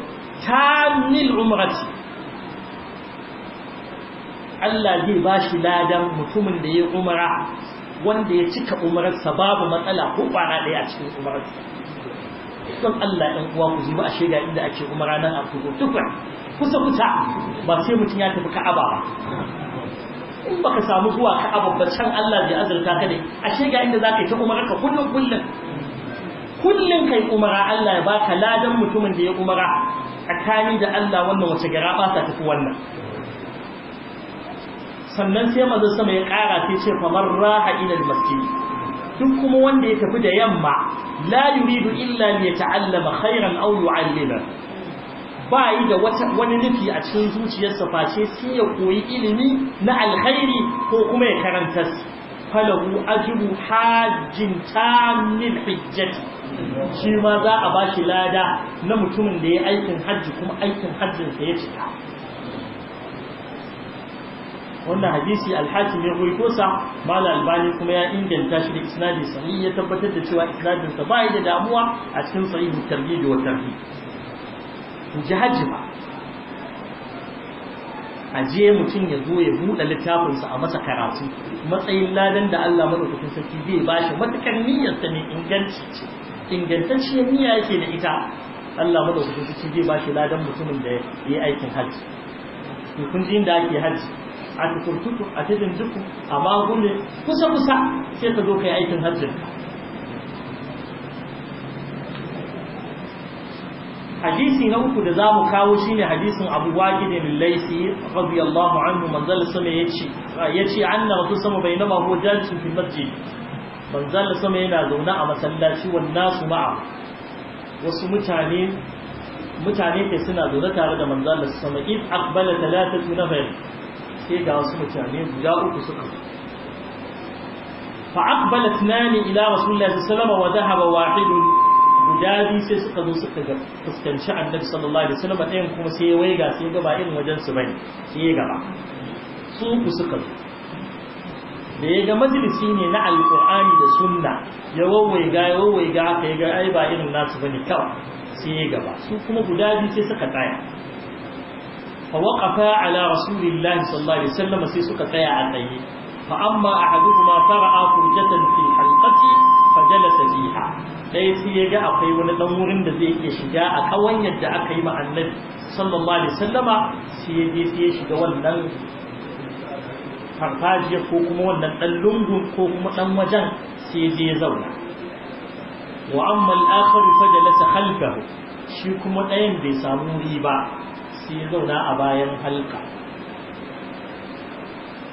mil umrati Allah zai bashi ladan mutumin da ya umra wanda ya cika umararsa babu matsala ko kwana ɗaya a cikin umararsa don Allah ɗan uwa ku zuba a shaida inda ake umara nan a kudu tukwa kusa kusa ba sai mutum ya tafi ka'aba ba in baka samu zuwa ka'aba ba can Allah zai azurta ka ne ashe ga inda za yi ta umara ka kullum kullum kullum kai umara Allah ya baka ladan mutumin da ya umara tsakani da Allah wannan wace gara ba ta tafi wannan sannan sai maza sama ya kara sai ce fa marraha ila almasjid duk kuma wanda ya tafi da yamma la yuridu illa li yata'allama khairan aw yu'allima ba yi da wani nufi a cikin zuciyarsa face sai ya koyi ilimi na alkhairi ko kuma ya karanta falahu ajru hajjin tamil hijjati shi ma za a bashi lada na mutumin da ya aikin hajji kuma aikin hajjin sa ya cika wannan hadisi alhaji ya ruwaito sa mala albani kuma ya inganta shi da isnadi sahihi ya tabbatar da cewa isnadin sa ba yi da damuwa a cikin sahihi da wa tarbiyyah ba a je mutum ya zo ya buɗe littafinsa a masa karatu matsayin ladan da Allah madaukakin sarki zai ba shi matakar ta mai inganci ce ingantacciyar niyya yake da ita Allah madaukakin sarki zai ba shi ladan mutumin da ya yi aikin hajji to kun ji inda ake hajji a tukurtuku a tijin duku a magune kusa kusa sai ka zo ka yi aikin ka. hadisi na uku da za mu kawo shi ne hadisin abu waƙi ne lillaisi radiyallahu anhu manzal sama ya ce ya ce an na rasu sama bai nama ko jalcin fi masjid manzal sama yana zaune a masallaci wannan su ma'a wasu mutane mutane ke suna zaune tare da manzal sama in akbala talata na bai sai ga wasu mutane guda uku suka fa akbala tunani ila rasulullahi sallallahu alaihi wasallam wa dhahaba wahidun guda sai suka zo suka fuskanci annabi sallallahu alaihi wasallam ɗayan kuma sai ya waiga sai ya gaba irin wajen su bane sai ya gaba su ku suka zo da ya ga majalisi ne na alkur'ani da sunna ya wawaiga ya wawaiga aka ya ga ai ba irin nasu bane kawai sai ya gaba su kuma guda biyu sai suka tsaya فوقفا على رسول الله صلى الله عليه وسلم سيسك تيا عطيه فأما أحدهما فرأى فرجة في الحلقة jalasa fiha ɗaya sai ya ga akwai wani ɗan wurin da zai iya shiga a kawan yadda aka yi ma annabi sallallahu alaihi wasallama sai ya je sai ya shiga wannan farfajiya ko kuma wannan ɗan lungun ko kuma ɗan wajen sai ya je ya zauna wa amma al-akhar fa shi kuma ɗayan bai samu wuri ba sai ya zauna a bayan halka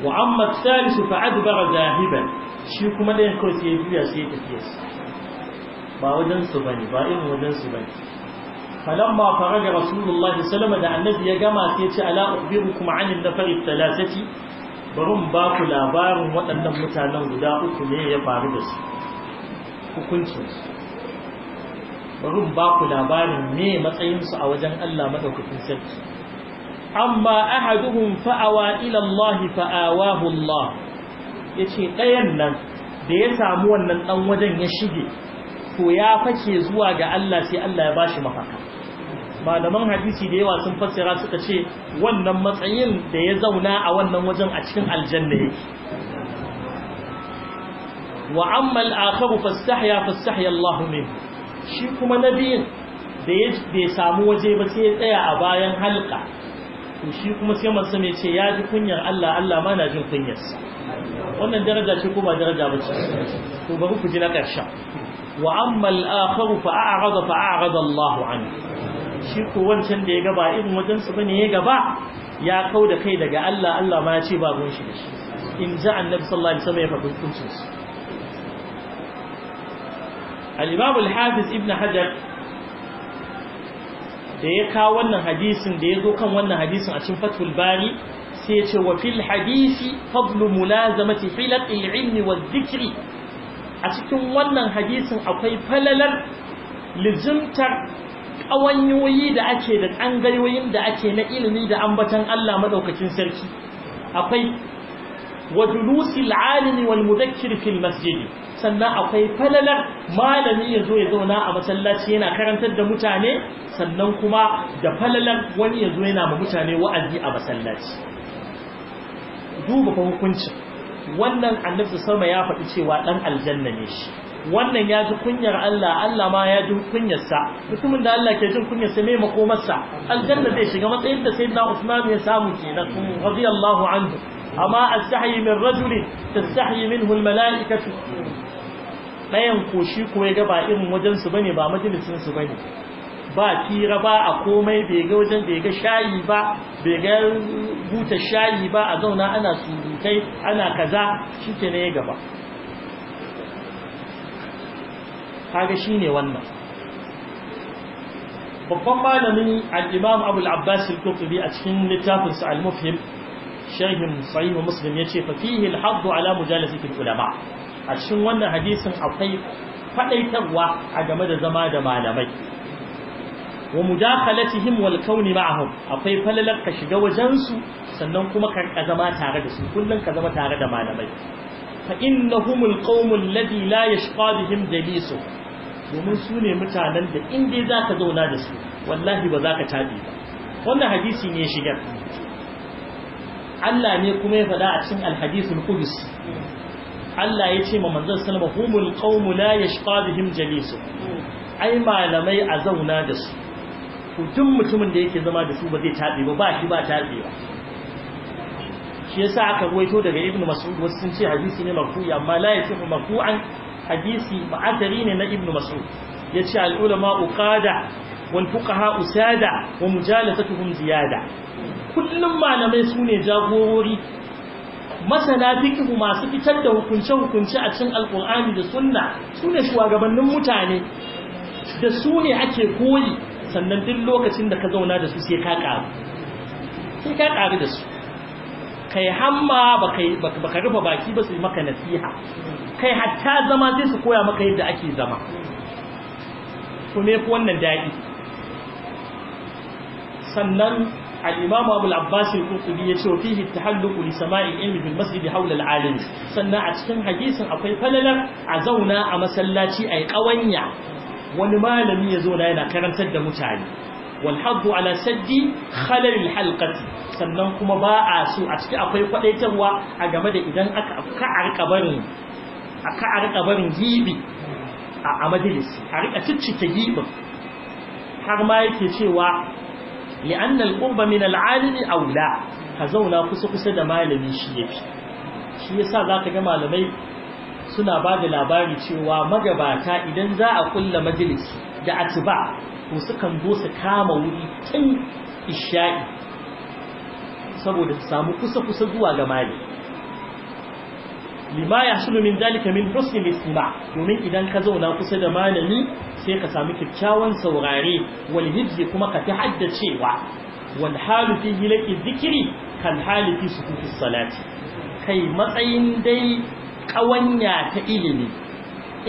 wa amma al-thalith fa adbara zahiban shi kuma ɗayan kawai sai ya juya sai ya tafiya su ba wajen su bane ba irin wajen su bane falamma faraga rasulullahi salama da annabi ya gama sai ce ala ukhbirukum an nafari thalathati barin ba ku labarin waɗannan mutanen guda uku ne ya faru da su hukuncin su barin ba ku labarin me matsayin su a wajen Allah madaukakin sarki amma ahaduhum fa'awa ila Allah fa'awahu Allah ya ce ɗayan nan da ya samu wannan ɗan wajen ya shige to ya fake zuwa ga Allah sai Allah ya bashi mafaka malaman hadisi da yawa sun fassara suka ce wannan matsayin da ya zauna a wannan wajen a cikin aljanna yake wa amma al-akharu fastahya fastahya Allah min shi kuma nabiyin da ya samu waje ba sai ya tsaya a bayan halka to shi kuma sai manzo mai ce ya ji kunyar Allah Allah ma na jin kunyarsa wannan daraja ce ko ba daraja ba ce to bari ku ji na ƙarshen wa amma al-akharu fa a'rada fa a'rada Allah anhu shi ko wancan da ya gaba irin wajen su bane ya gaba ya kau da kai daga Allah Allah ma ya ce ba gun shi in ji annabi sallallahu alaihi wasallam ya faɗi hukuncin su al-imam hafiz ibn hajar da ya kawo wannan hadisin da ya zo kan wannan hadisin a cikin fatul bari sai ya ce wa fil hadisi fadlu mulazamati hilat ilmi wa zikri a cikin wannan hadisin akwai falalar lizimtar ƙawanyoyi da ake da tsangayoyin da ake na ilimi da ambatan Allah madaukakin sarki akwai wa julusil alimi wal mudakkir fil masjidi sannan akwai falalar malami ya zo ya zauna a masallaci yana karantar da mutane sannan kuma da falalar wani ya zo yana ma mutane wa'azi a masallaci duba kwa hukuncin wannan annabi sama ya faɗi cewa dan aljanna ne shi wannan ya ji kunyar Allah Allah ma ya ji kunyarsa mutumin da Allah ke jin kunyarsa mai makomarsa aljanna zai shiga matsayin da sayyidina Usman ya samu kenan radiyallahu anhu amma astahyi min rajuli tastahi minhu almalaikatu dayan koshi kuma ya ga ba irin wajen su bane ba majalisin su bane ba kira ba a komai bai ga wajen bai ga shayi ba bai ga buta shayi ba a zauna ana surutai ana kaza shike ne gaba kaga shine wannan babban malamin al-Imam Abu abbas al a cikin littafinsa al-Mufhim sharhin sahih muslim yace fa fihi al-hadd ala mujalasati ulama a cikin wannan hadisin akwai fadaitarwa a game da zama da malamai wa mudakhalatihim wal kauni ma'ahum akwai falalar ka shiga wajen su sannan kuma ka zama tare da su kullun ka zama tare da malamai fa innahumul qaumul ladhi la yashqa bihim jalisu domin su ne mutanen da in dai zaka zauna da su wallahi ba za ka tabi ba wannan hadisi ne shigar Allah ne kuma ya faɗa a cikin alhadisul qudus Allah ya ce ma manzon sallama humul qaumu la yashqa bihim jalisu ai malamai a zauna da su to duk mutumin da yake zama da su ba zai tabe ba ba shi ba tabe ba shi yasa aka ruwaito daga ibnu mas'ud wasu sun ce hadisi ne marfu'i amma la yasihu marfu'an hadisi ma'adari ne na ibnu mas'ud yace al ulama uqada wal fuqaha usada wa mujalasatuhum ziyada kullum malamai su ne jagorori masana fikihu masu fitar da hukunce-hukunce a cikin alkur'ani da sunna sune ne shugabannin mutane da su ne ake koyi sannan duk lokacin da ka zauna da su sai ka ƙaru sai ka ƙaru da su kai hamma ba ka rufe baki ba su yi maka nasiha kai hatta zama zai su koya maka yadda ake zama ku ne fi wannan daɗi sannan al-imam abu al-abbas al-qurtubi yace wa fihi tahalluqu li sama'i ilmi bil masjid hawla al-alim sannan a cikin hadisin akwai falalar a zauna a masallaci ai ƙawanya. wani malami ya zo na yana karantar da mutane wal haddu ala saddi khalal al-halqati sannan kuma ba a so a ciki akwai kwadaitarwa a game da idan aka ka arka barin gibi a majalisi a rika ciccike gibin har ma yake cewa li'anna al-qurba min al-alimi aula ka zauna kusa kusa da malami shi yafi shi yasa zaka ga malamai suna ba da labari cewa magabata idan za a kulla majalisi da atiba to sukan zo su kama wuri tun isha'i saboda su samu kusa kusa zuwa ga malami lima ya sulu min zalika min husnil istima domin idan ka zauna kusa da malami sai ka samu kyakkyawan saurare wal hibzi kuma ka ta haddacewa wal halu fi hilaki dhikri kal halu fi sukuti salati kai matsayin dai kawanya ta ilimi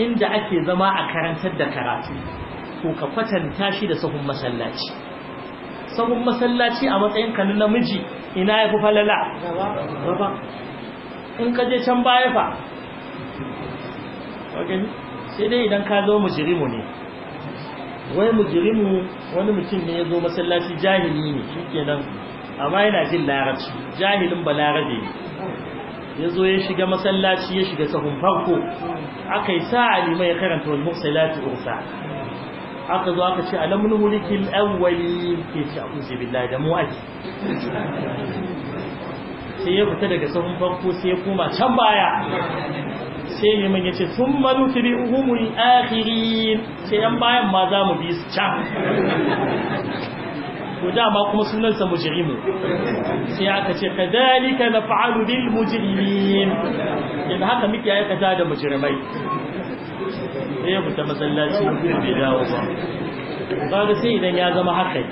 inda ake zama a karantar da karatu ko ka kwatanta shi da sahun masallaci sahun masallaci a matsayin kan namiji ina yafi falala in ka je can baya fa sai dai idan ka zo mujirimu ne wai mujirimu wani mutum ne ya zo masallaci jahili ne shikenan amma yana jin larabci jahilin balarabe ne ya zo ya shiga masallaci ya shiga sahun farko aka yi sa'a limai ya karanta wani mursalati ursa aka zo aka ce alamun hulikin wani ke ce a billahi da mu sai ya fita daga sahun farko sai ya koma can baya sai neman ya yace sun malu fi bi uhumul akhirin sai yan bayan ma za mu bi su can ko dama kuma sunansa mujrimu sai aka ce kadalika naf'alu bil mujrimin idan haka muke aikata da mujrimai sai mu ta masallaci bai dawo ba kaga sai idan ya zama haka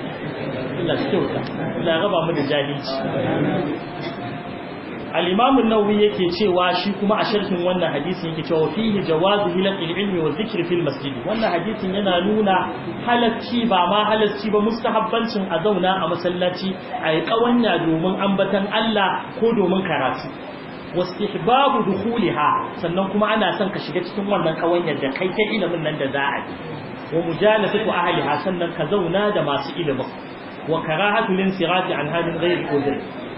Allah shi kyauta Allah raba mu da jahilci al-imam yake cewa shi kuma a sharhin wannan hadisin yake cewa fihi jawazu hilar ilmi wa dhikri fil masjid wannan hadisin yana nuna halarci ba ma halarci ba mustahabbancin a zauna a masallaci a yi ƙawanya domin ambatan Allah ko domin karatu babu dukuliha sannan kuma ana son ka shiga cikin wannan ƙawanyar da kai ta ilimin nan da za a yi wa mujalasatu ahliha sannan ka zauna da masu ilimin wa karahatu lin sirati an hadin ghairi udhri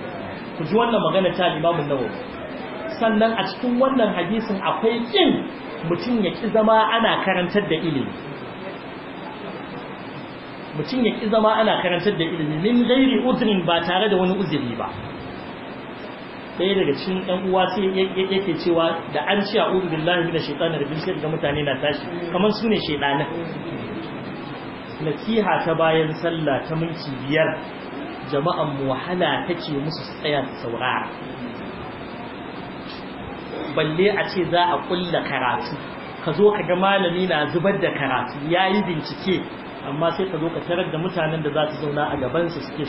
ku ji wannan magana ta Imam Nawawi sannan a cikin wannan hadisin akwai kin mutum ya ki zama ana karantar da ilimi mutum ya ki zama ana karantar da ilimi min gairi uzrin ba tare da wani uzuri ba ɗaya daga cikin ɗan uwa sai yake cewa da an ci a uzu billahi da shaitanin rabin sai ga mutane na tashi kamar su ne shaitanin nasiha ta bayan sallah ta minti biyar jama'an mu wahala take musu su tsaya su saurara balle a ce za a kulla karatu ka zo ka ga malami na zubar da karatu ya yi bincike amma sai ka zo ka tarar da mutanen da za su zauna a gabansa suke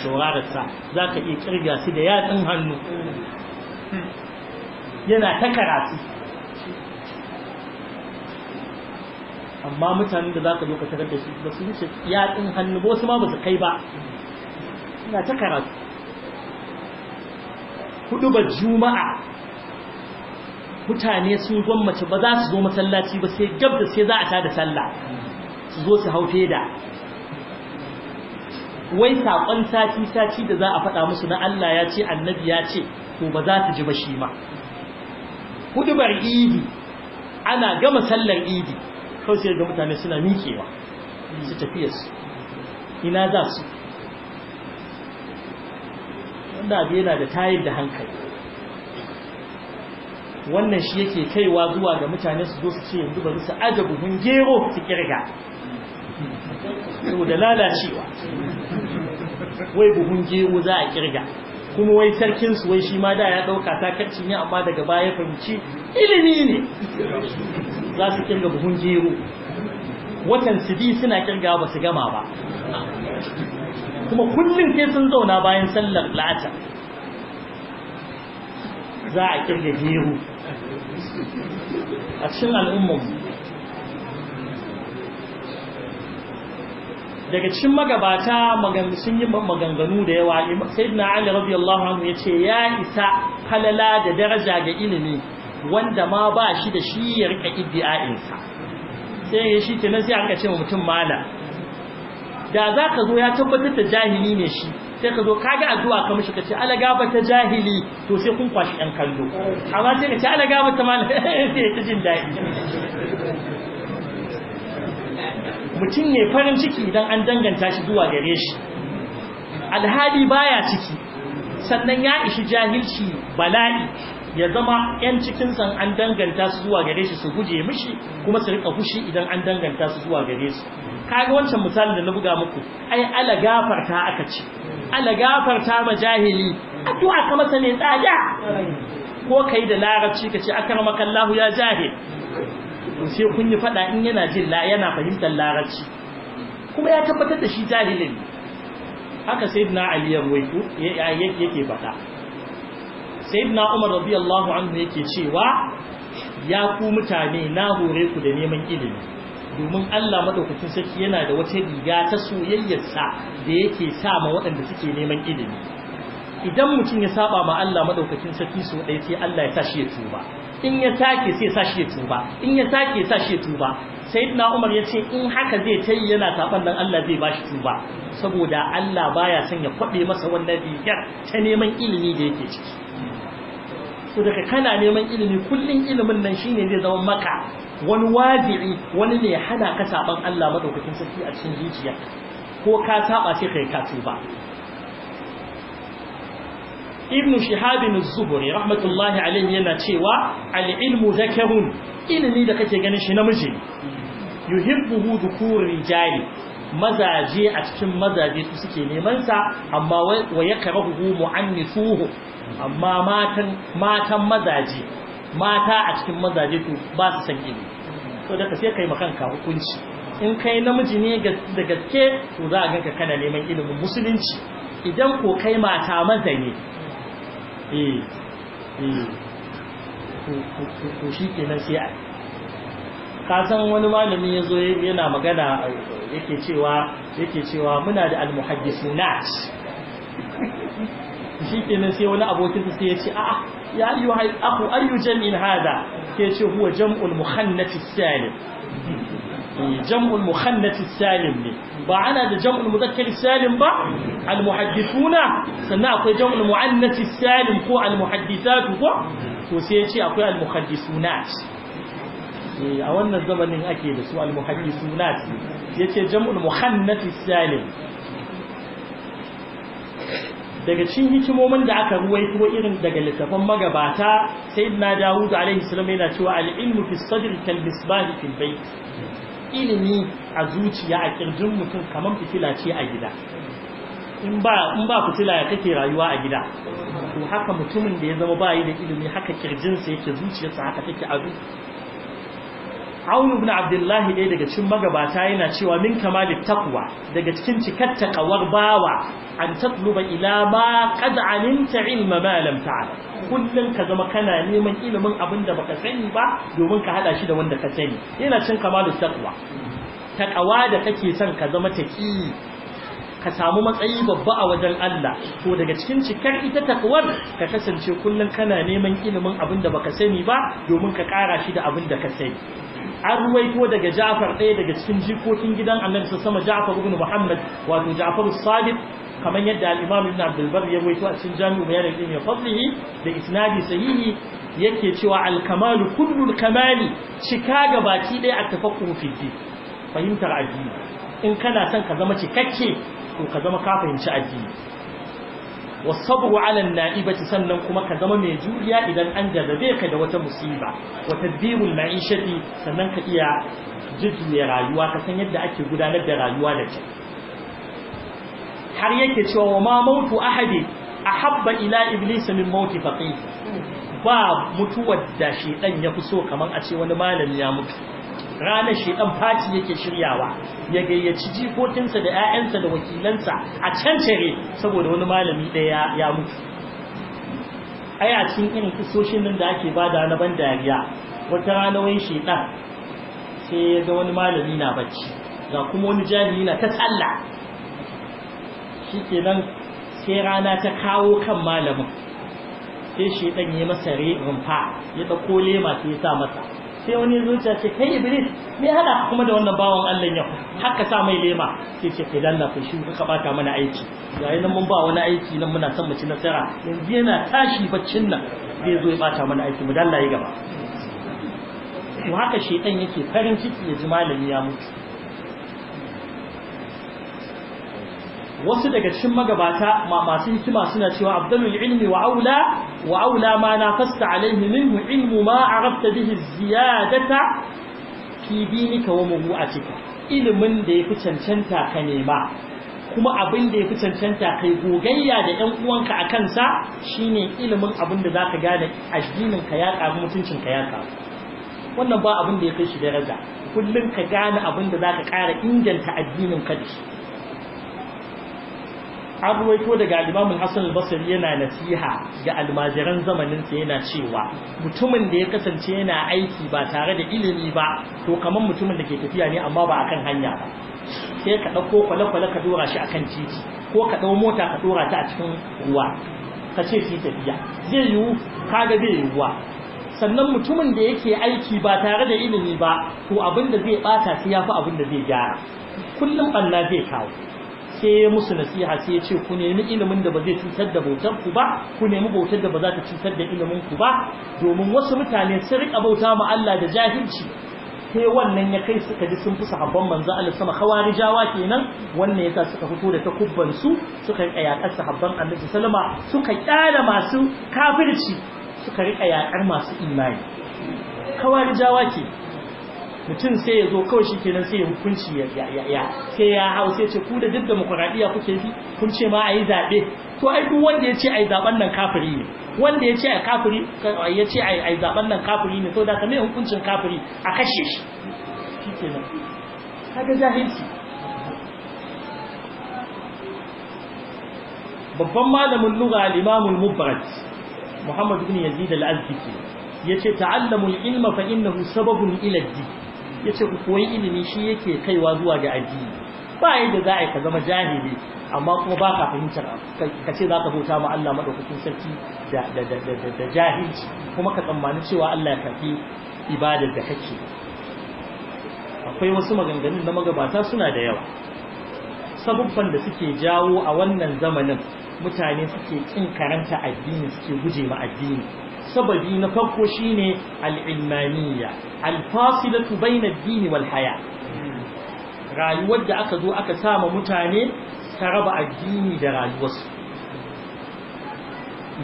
sa, za ka iya kirga su da yatsun hannu yana ta karatu amma mutanen da za ka zo ka tarar da su ba su wuce yatsun hannu ba wasu ma ba su kai ba suna ta karatu hudu ba juma'a mutane sun gwammace ba za su zo masallaci ba sai gab da sai za a da sallah su zo su hau da wai saƙon sati-sati da za a faɗa musu na Allah ya ce annabi ya ce to ba za su ji ba shi ma Kuɗubar idi ana gama sallar idi kawai sai ga mutane suna mikewa su tafiya su, ina za su ina da yana da tayar da hankali wannan shi yake kaiwa zuwa ga mutane su zo su ce yanzu bari su aje hun gero su kirga saboda lalacewa wai buhun gero za a kirga kuma wai sarkinsu wai shi ma da ya ɗauka takarci ne amma daga baya fahimci ilimi ne za su kirga buhun gero watan su suna kirga ba su gama ba kuma kullum sai sun zauna bayan sallar la'ata za a kirga jeru. a cikin al'ummarmu daga cikin magabata sun yi maganganu da yawa sai na ali radiyallahu anhu ya ce ya isa halala da daraja ga ilimi wanda ma ba shi da shi ya rika iddi'a'insa sai ya shi kenan sai aka ce wa mutum mala da za ka zo ya tabbatar da jahili ne shi sai ka zo kaga addu'a ka mishi ka ce ala gaba ta jahili to sai kun kwashi ɗan kallo amma sai ka ce ala ta mala sai ta jin daɗi mutum ne farin ciki idan an danganta shi zuwa gare shi alhali baya ciki sannan ya ishi jahilci bala'i ya zama yan cikin san an danganta su zuwa gare shi su guje mishi kuma su rika fushi idan an danganta su zuwa gare su kaga wancan misalin da na buga muku ai ala gafarta aka ce ala gafarta ma jahili addu'a ka masa ne tsada ko kai da larabci kace akramaka Allah ya jahil to sai kun yi fada in yana jin la yana fahimtar larabci kuma ya tabbatar da shi jahilin haka sayyidina ali ya yake fada na umar radiyallahu anhu yake cewa ya ku mutane na hore ku da neman ilimi domin Allah maɗaukacin saki yana da wata riga ta soyayyarsa da yake sa ma waɗanda suke neman ilimi idan mutum ya saba ma Allah maɗaukacin saki so ɗaya sai Allah ya sa shi ya tuba in ya sake sai sa shi ya tuba in ya sake sa shi ya tuba sayyidina Umar ya ce in haka zai ta yi yana saban nan Allah zai ba shi tuba saboda Allah baya son ya kwaɗe masa wannan rigar ta neman ilimi da yake ciki so daga kana neman ilimi kullum ilimin nan shine zai zama maka wani wajibi wani ne hana ka saban Allah madaukakin sarki a cikin zuciya ko ka saba sai kai ka tuba ibn shihab ibn zuhri rahmatullahi alayhi yana cewa al-ilmu zakarun ilimi da kake ganin shi namiji yuhibbuhu dhukur rijali mazaje a cikin mazaje su suke neman sa amma wa yakrahu mu'annisuhu amma matan matan mazaje mata a cikin mazaje to ba su san ilimi to da sai kai makanka hukunci in kai namiji ne da gaske to za a ganka kana neman ilimin musulunci idan ko kai mata maza ne eh eh shi sai a ka san wani malami ya yana magana yake cewa cewa muna da almuhaddisunat shikenan sai wani abokinsa sai ya ce a'a ya yi ayyuha akhu ayyu jam'in hada ke ce huwa jam'ul muhannath salim eh, jam'ul muhannath salim ne ba ana da jam'ul muzakkar salim ba al muhaddithuna sannan akwai jam'ul muannath salim ko al muhaddithatu ko to sai ya ce akwai al muhaddisunat eh, a wannan zamanin ake da su al muhaddisunat yace jam'ul muhannath salim daga cikin hikimomin da aka ruwaito irin daga littafan magabata sayyidina Dawud alaihi salam yana cewa al-ilmu fi sadri kal misbah fi bayt ilimi a zuciya a kirjin mutum kaman fitila ce a gida in ba in ba fitila ya kake rayuwa a gida to haka mutumin da ya zama bayi da ilimi haka kirjinsa yake zuciyarsa haka take a aunu bin abdullahi ɗaya daga cikin magabata yana cewa min kamalit taqwa daga cikin cikar takawar bawa an tatluba ila ma qad alimta ilma ma lam ta'lam kullun ka zama kana neman ilimin abin da baka sani ba domin ka hada shi da wanda ka sani yana cin kamalit taqwa takawa da kake son ka zama taqi ka samu matsayi babba a wajen Allah to daga cikin cikar ita takwar ka kasance kullun kana neman ilimin abin da baka sani ba domin ka kara shi da abin da ka sani an ruwaito daga Ja'far ɗaya daga cikin jikokin gidan Annabi sama Ja'far ibn Muhammad wato Ja'far Sadiq kamar yadda al-Imam Ibn Abdul Barr ya ruwaito a cikin Jami'u Bayan al ya fadlihi da isnadi sahihi yake cewa al-kamalu kullu kamali cika ga baki ɗaya a tafakkur fi fahimtar addini in kana son ka zama cikakke to ka zama ka fahimci addini wasabru ala na'ibati sannan kuma ka zama mai juriya idan an jarrabe ka da wata musiba wa tadbirul ma'ishati sannan ka iya jujjuya rayuwa ka san yadda ake gudanar da rayuwa da kyau har yake cewa wa ma mautu ahadi ahabba ila iblis min mauti faqih ba mutuwar da shedan ya fi so kamar a ce wani malami ya mutu ranar shedan fati yake shiryawa ya gayyaci jikokinsa da 'ya'yansa da wakilansa a cancare saboda wani malami ɗaya ya mutu yi a cikin irin kisoshin nan da ake bada na ban dariya wata rana wani shedan sai ya ga wani malami na bacci ga kuma wani jahili na ta tsalla Shi ke nan sai rana ta kawo kan malamin sai shedan ya masa rumfa ya ɗauko lema sai ya sa masa sai wani zuciya ce kai iblis me hada kuma da wannan bawan Allah yau haka sa mai lema sai ce kai dan lafi shi ka bata mana aiki yayin nan mun ba wani aiki nan muna son mu ci nasara yanzu yana tashi baccin nan zai zo ya bata mana aiki mu dalla yi gaba to haka shedan yake farin ciki ya ji malami ya mutu wasu daga cikin magabata masu hikima suna cewa abdalul ilmi wa aula wa aula ma fasta alaihi minhu ilmu ma rabta bihi ziyadata fi dinika wa cikin. ilimin da yafi cancanta ka nema kuma abin da yafi cancanta kai gogayya da ƴan uwanka a kansa shine ilimin abin da zaka gane addinin ka ya ƙaru mutuncin ka ya ƙaru wannan ba abin da ya kai shi daraja kullum ka gane abin da ka ƙara inganta addinin ka da shi an ruwaito daga alimamul hassan al yana nasiha ga almajiran zamanin sa yana cewa mutumin da ya kasance yana aiki ba tare da ilimi ba to kaman mutumin da ke tafiya ne amma ba akan hanya ba sai ka dauko kwale-kwale ka dora shi akan titi ko ka dau mota ka dora ta a cikin ruwa ka ce su tafiya zai yiwu kaga zai yiwuwa sannan mutumin da yake aiki ba tare da ilimi ba to abin da zai bata sai fi abin da zai gyara kullum Allah zai kawo sai ya musu nasiha sai ya ce ku nemi ilimin da ba zai cutar da bautar ku ba ku nemi bautar da ba za ta cutar da ilimin ku ba domin wasu mutane sun rika bauta ma Allah da jahilci sai wannan ya kai suka ji sun fi sahabban manzo Allah sama khawarijawa kenan wannan yasa suka fito da takubban su suka rika yakar sahabban Annabi sallama suka kyara masu kafirci suka rika yakar masu imani khawarijawa kenan mutum sai ya zo kawai shi kenan sai ya hukunci ya ya sai ya hau sai ce ku da duk demokuraɗiyya kuke fi kun ce ma a yi zaɓe to ai duk wanda ya ce a yi zaɓen nan kafiri ne wanda ya ce a kafiri ya ce a yi zaɓen nan kafiri ne saboda ka mai hukuncin kafiri a kashe shi shi kenan kaga jahilci babban malamin lugha Limamul imam al-mubarak muhammad ibn yazid al-azdi yace ta'allamu al-ilma fa innahu sababun ila ad-din yace ku koyi ilimi shi yake kaiwa zuwa ga addini ba da za a yi ka zama jahili amma kuma ba ka fahimtar ka ce za ka bauta ma Allah maɗaukakin sarki da jahilci kuma ka tsammani cewa Allah ya kafi ibadar da kake akwai wasu maganganun na magabata suna da yawa sabubban da suke jawo a wannan zamanin mutane suke kin karanta addini suke guje ma addini sababi na farko shine al-ilmaniyya alfasilatu fasilatu bayna ad haya rayuwar da aka zo aka sama mutane ta raba addini da rayuwarsu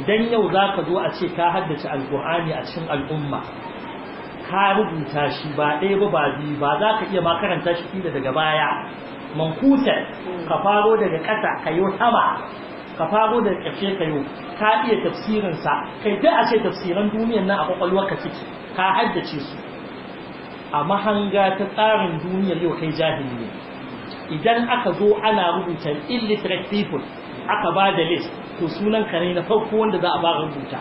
idan yau za ka zo a ce ka haddace alqur'ani a cikin al'umma ka rubuta shi ba ɗaya ba ba biyu ba za ka iya makaranta karanta shi daga baya mankuta ka faro daga ƙasa ka yi sama ka faro da ƙarshe ka yau ka iya tafsirin sa kai da a ce tafsiran duniyar nan a kwakwalwar ka ciki ka haddace su a mahanga ta tsarin duniyar yau kai jahili ne idan aka zo ana rubuta illiterate people aka ba da list to sunan ka ne na farko wanda za a ba rubuta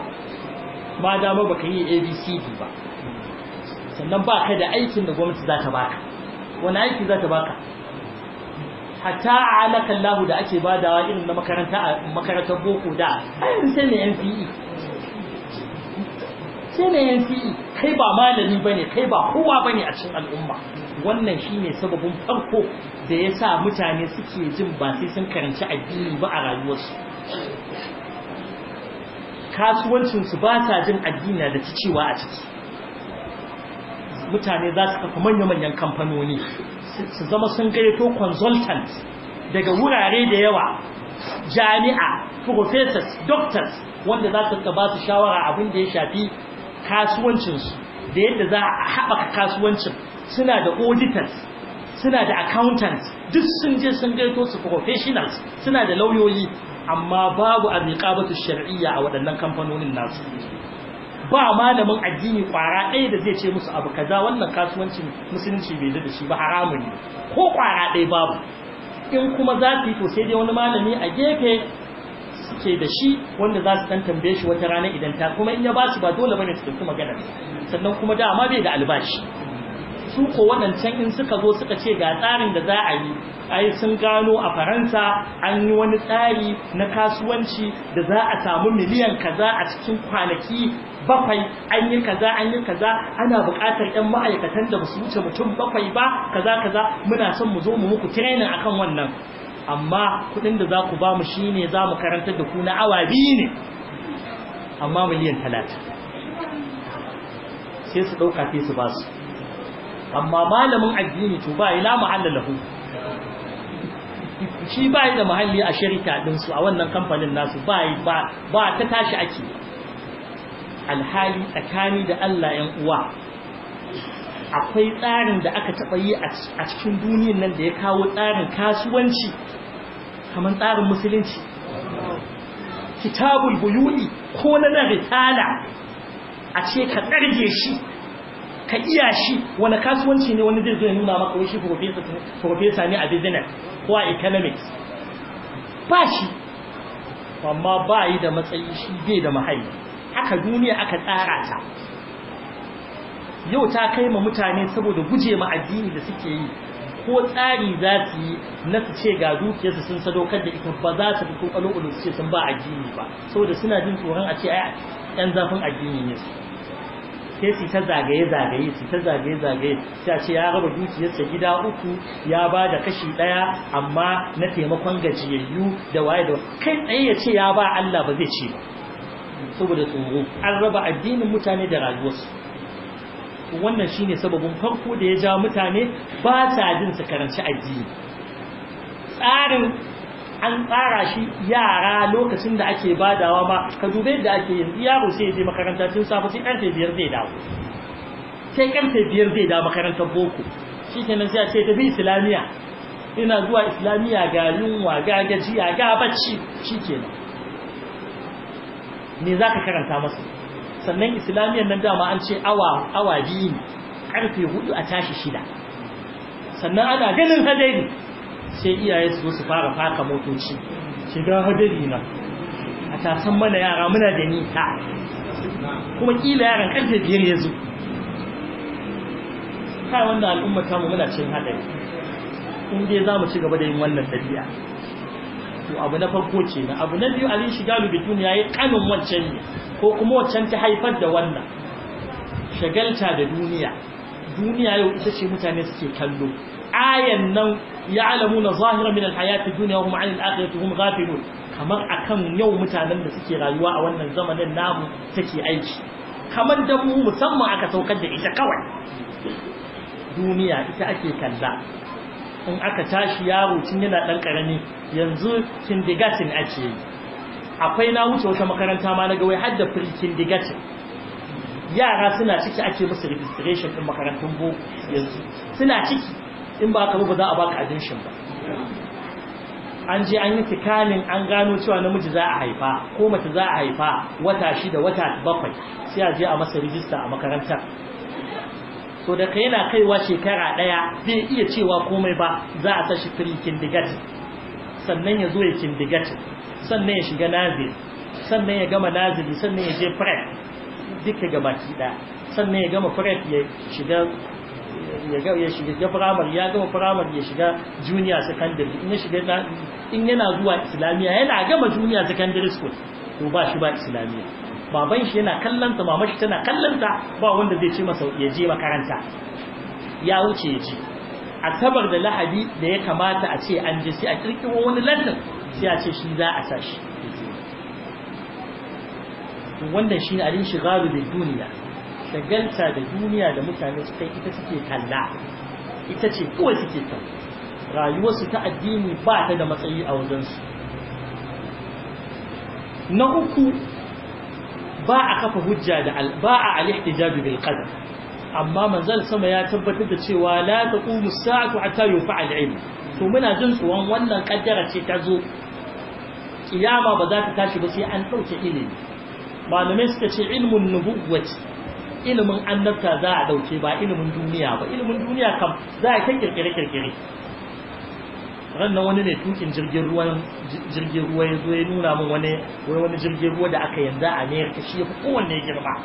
ma dama baka yi abcd ba sannan ba kai da aikin da gwamnati za ta baka wani aiki za ta baka hatta alaka Allah da ake badawa irin na makaranta a makarantar boko da ai sai ne NCE sai ne NCE kai ba malami bane kai ba kowa bane a cikin al'umma wannan shine sababin farko da yasa mutane suke jin ba sai sun karanci addini ba a rayuwarsu kasuwancinsu ba sa jin addini da ta a ciki mutane za su kafa manya-manyan kamfanoni su zama sun gaito consultant daga wurare da yawa jami'a professors doctors wanda za su ba su shawara abin da ya shafi kasuwancinsu da yadda za a haɓaka kasuwancin suna da auditors suna da accountants duk sun je sun gaito su professionals suna da lauyoyi amma babu a riƙabatu shari'iyya a waɗannan kamfanonin nasu ba malamin addini kwara ɗaya da zai ce musu abu kaza wannan kasuwancin musulunci bai da shi ba haramun ne ko kwara ɗaya babu in kuma za su yi to sai dai wani malami a gefe suke da shi wanda za su dan tambaye shi wata rana idan ta kuma in ya ba su ba dole bane su tafi magana sannan kuma dama bai da albashi su ko waɗancan in suka zo suka ce ga tsarin da za a yi ai sun gano a faransa an yi wani tsari na kasuwanci da za a samu miliyan kaza a cikin kwanaki bakwai an yi kaza an yi kaza ana buƙatar 'yan ma'aikatan da basu wuce mutum bakwai ba kaza kaza muna son mu zo mu muku training akan wannan amma kuɗin da za ku ba mu shi ne za mu karantar da ku na awa biyu ne amma miliyan talatin sai su ɗauka fi su ba su amma malamin addini to ba ila mahalla lahu shi ba da mahalli a din ɗinsu a wannan kamfanin nasu ba ta tashi ake alhali tsakani da Allah ‘yan uwa akwai tsarin da aka taɓa yi a cikin duniyar nan da ya kawo tsarin kasuwanci kamar tsarin musulunci kitabul buyu'i ko na na ritala a ce ka tsarge shi ka iya shi wani kasuwanci ne wani zai nuna maka wani shi profesa ne a business ko a economics ba shi amma ba yi da matsayi shi bai da mahalli haka duniya aka tsara ta yau ta kai ma mutane saboda guje ma addini da suke yi ko tsari za su yi na su ce ga dukiyarsu sun sadaukar da ita ba za su fi kokalin su ce sun ba addini ba saboda suna jin tsoron a ce ai yan zafin addini ne su sai su ta zagaye zagaye su ta zagaye zagaye sai ce ya raba dukiyarsa gida uku ya ba da kashi ɗaya amma na taimakon gajiyayyu da waye da kai tsaye ya ce ya ba Allah ba zai ce ba saboda tsoro an raba addinin mutane da rayuwarsu wannan shine sababin farko da ya ja mutane ba sa jin su karanci addini tsarin an tsara shi yara lokacin da ake badawa ma ka dube yadda ake yanzu yaro sai je makaranta tun safe sai karfe biyar zai dawo sai karfe biyar zai dawo makarantar boko shi nan sai a ce tafi islamiyya ina zuwa islamiyya ga yunwa ga gajiya ga bacci shi ke nan. me za ka karanta masa sannan islamiyyar nan dama an ce awa awa biyu ne karfe hudu a tashi shida sannan ana ganin hadari sai iyaye su su fara faka motoci shiga hadari na a tasan mana yara muna da ta. kuma kila yaran karfe biyar ya zo kai wanda al'umma mu muna cin hadari kun dai za mu ci gaba da yin wannan tafiya to abu na farko ce na abu na biyu rin shiga lubitun ya yi kanin wancan ne ko kuma wancan ta haifar da wannan shagalta da duniya duniya yau ita ce mutane suke kallo ayan nan ya'lamuna zahiran min al-hayati dunya wa hum 'an al-akhirati hum ghafilun kamar akan yau mutanen da suke rayuwa a wannan zamanin namu take aiki kamar da mu musamman aka saukar da ita kawai duniya ita ake kalla in aka tashi yaro tun yana dan karami yanzu kindigatin ake yi akwai na wuce wata makaranta ma na ga wai hadda pre kindigatin yara suna ciki ake musu registration din makarantun boko yanzu suna ciki in ba ka ba za a baka admission ba an je an yi tikanin an gano cewa namiji za a haifa ko mace za a haifa wata shida wata bakwai sai a je a masa rijista a makaranta so da ka yana kaiwa shekara ɗaya zai iya cewa komai ba za a sashi firin kindigati sannan ya zo ya kindigati sannan ya shiga nazir sannan ya gama nazir sannan ya je prep duka gabaki ɗaya sannan ya gama prep ya shiga ya shiga firamare ya gama firamare ya shiga junior secondary in ya shiga in yana zuwa islamiyya yana gama junior secondary school to ba shi ba islamiyya baban shi yana kallanta maman shi tana kallanta ba wanda zai ce masa ya je makaranta ya wuce ya je asabar da lahadi da ya kamata a ce an je sai a kirkiro wani lantar sai a ce shi za a sa shi wannan shine alin shigaru da duniya shagalta da duniya da mutane suka ita suke kalla ita ce kawai suke kan rayuwarsu ta addini ba ta da matsayi a wajensu na uku ba a kafa hujja da ba a al jabi bil qadar amma manzal sama ya tabbatar da cewa la taqumu sa'atu hatta yufa'a ilm to muna jin tsoron wannan kaddara ce ta zo kiyama ba za ta tashi ba sai an dauke ilimi malamai suka ce ilmun nubuwwati ilimin annabta za a dauke ba ilimin duniya ba ilimin duniya kam za a ta kirkire kirkire rannan wani ne tukin jirgin ruwa jirgin ruwa ya zo ya nuna min wani wani jirgin ruwa da aka yanzu a America shi yafi kowanne girma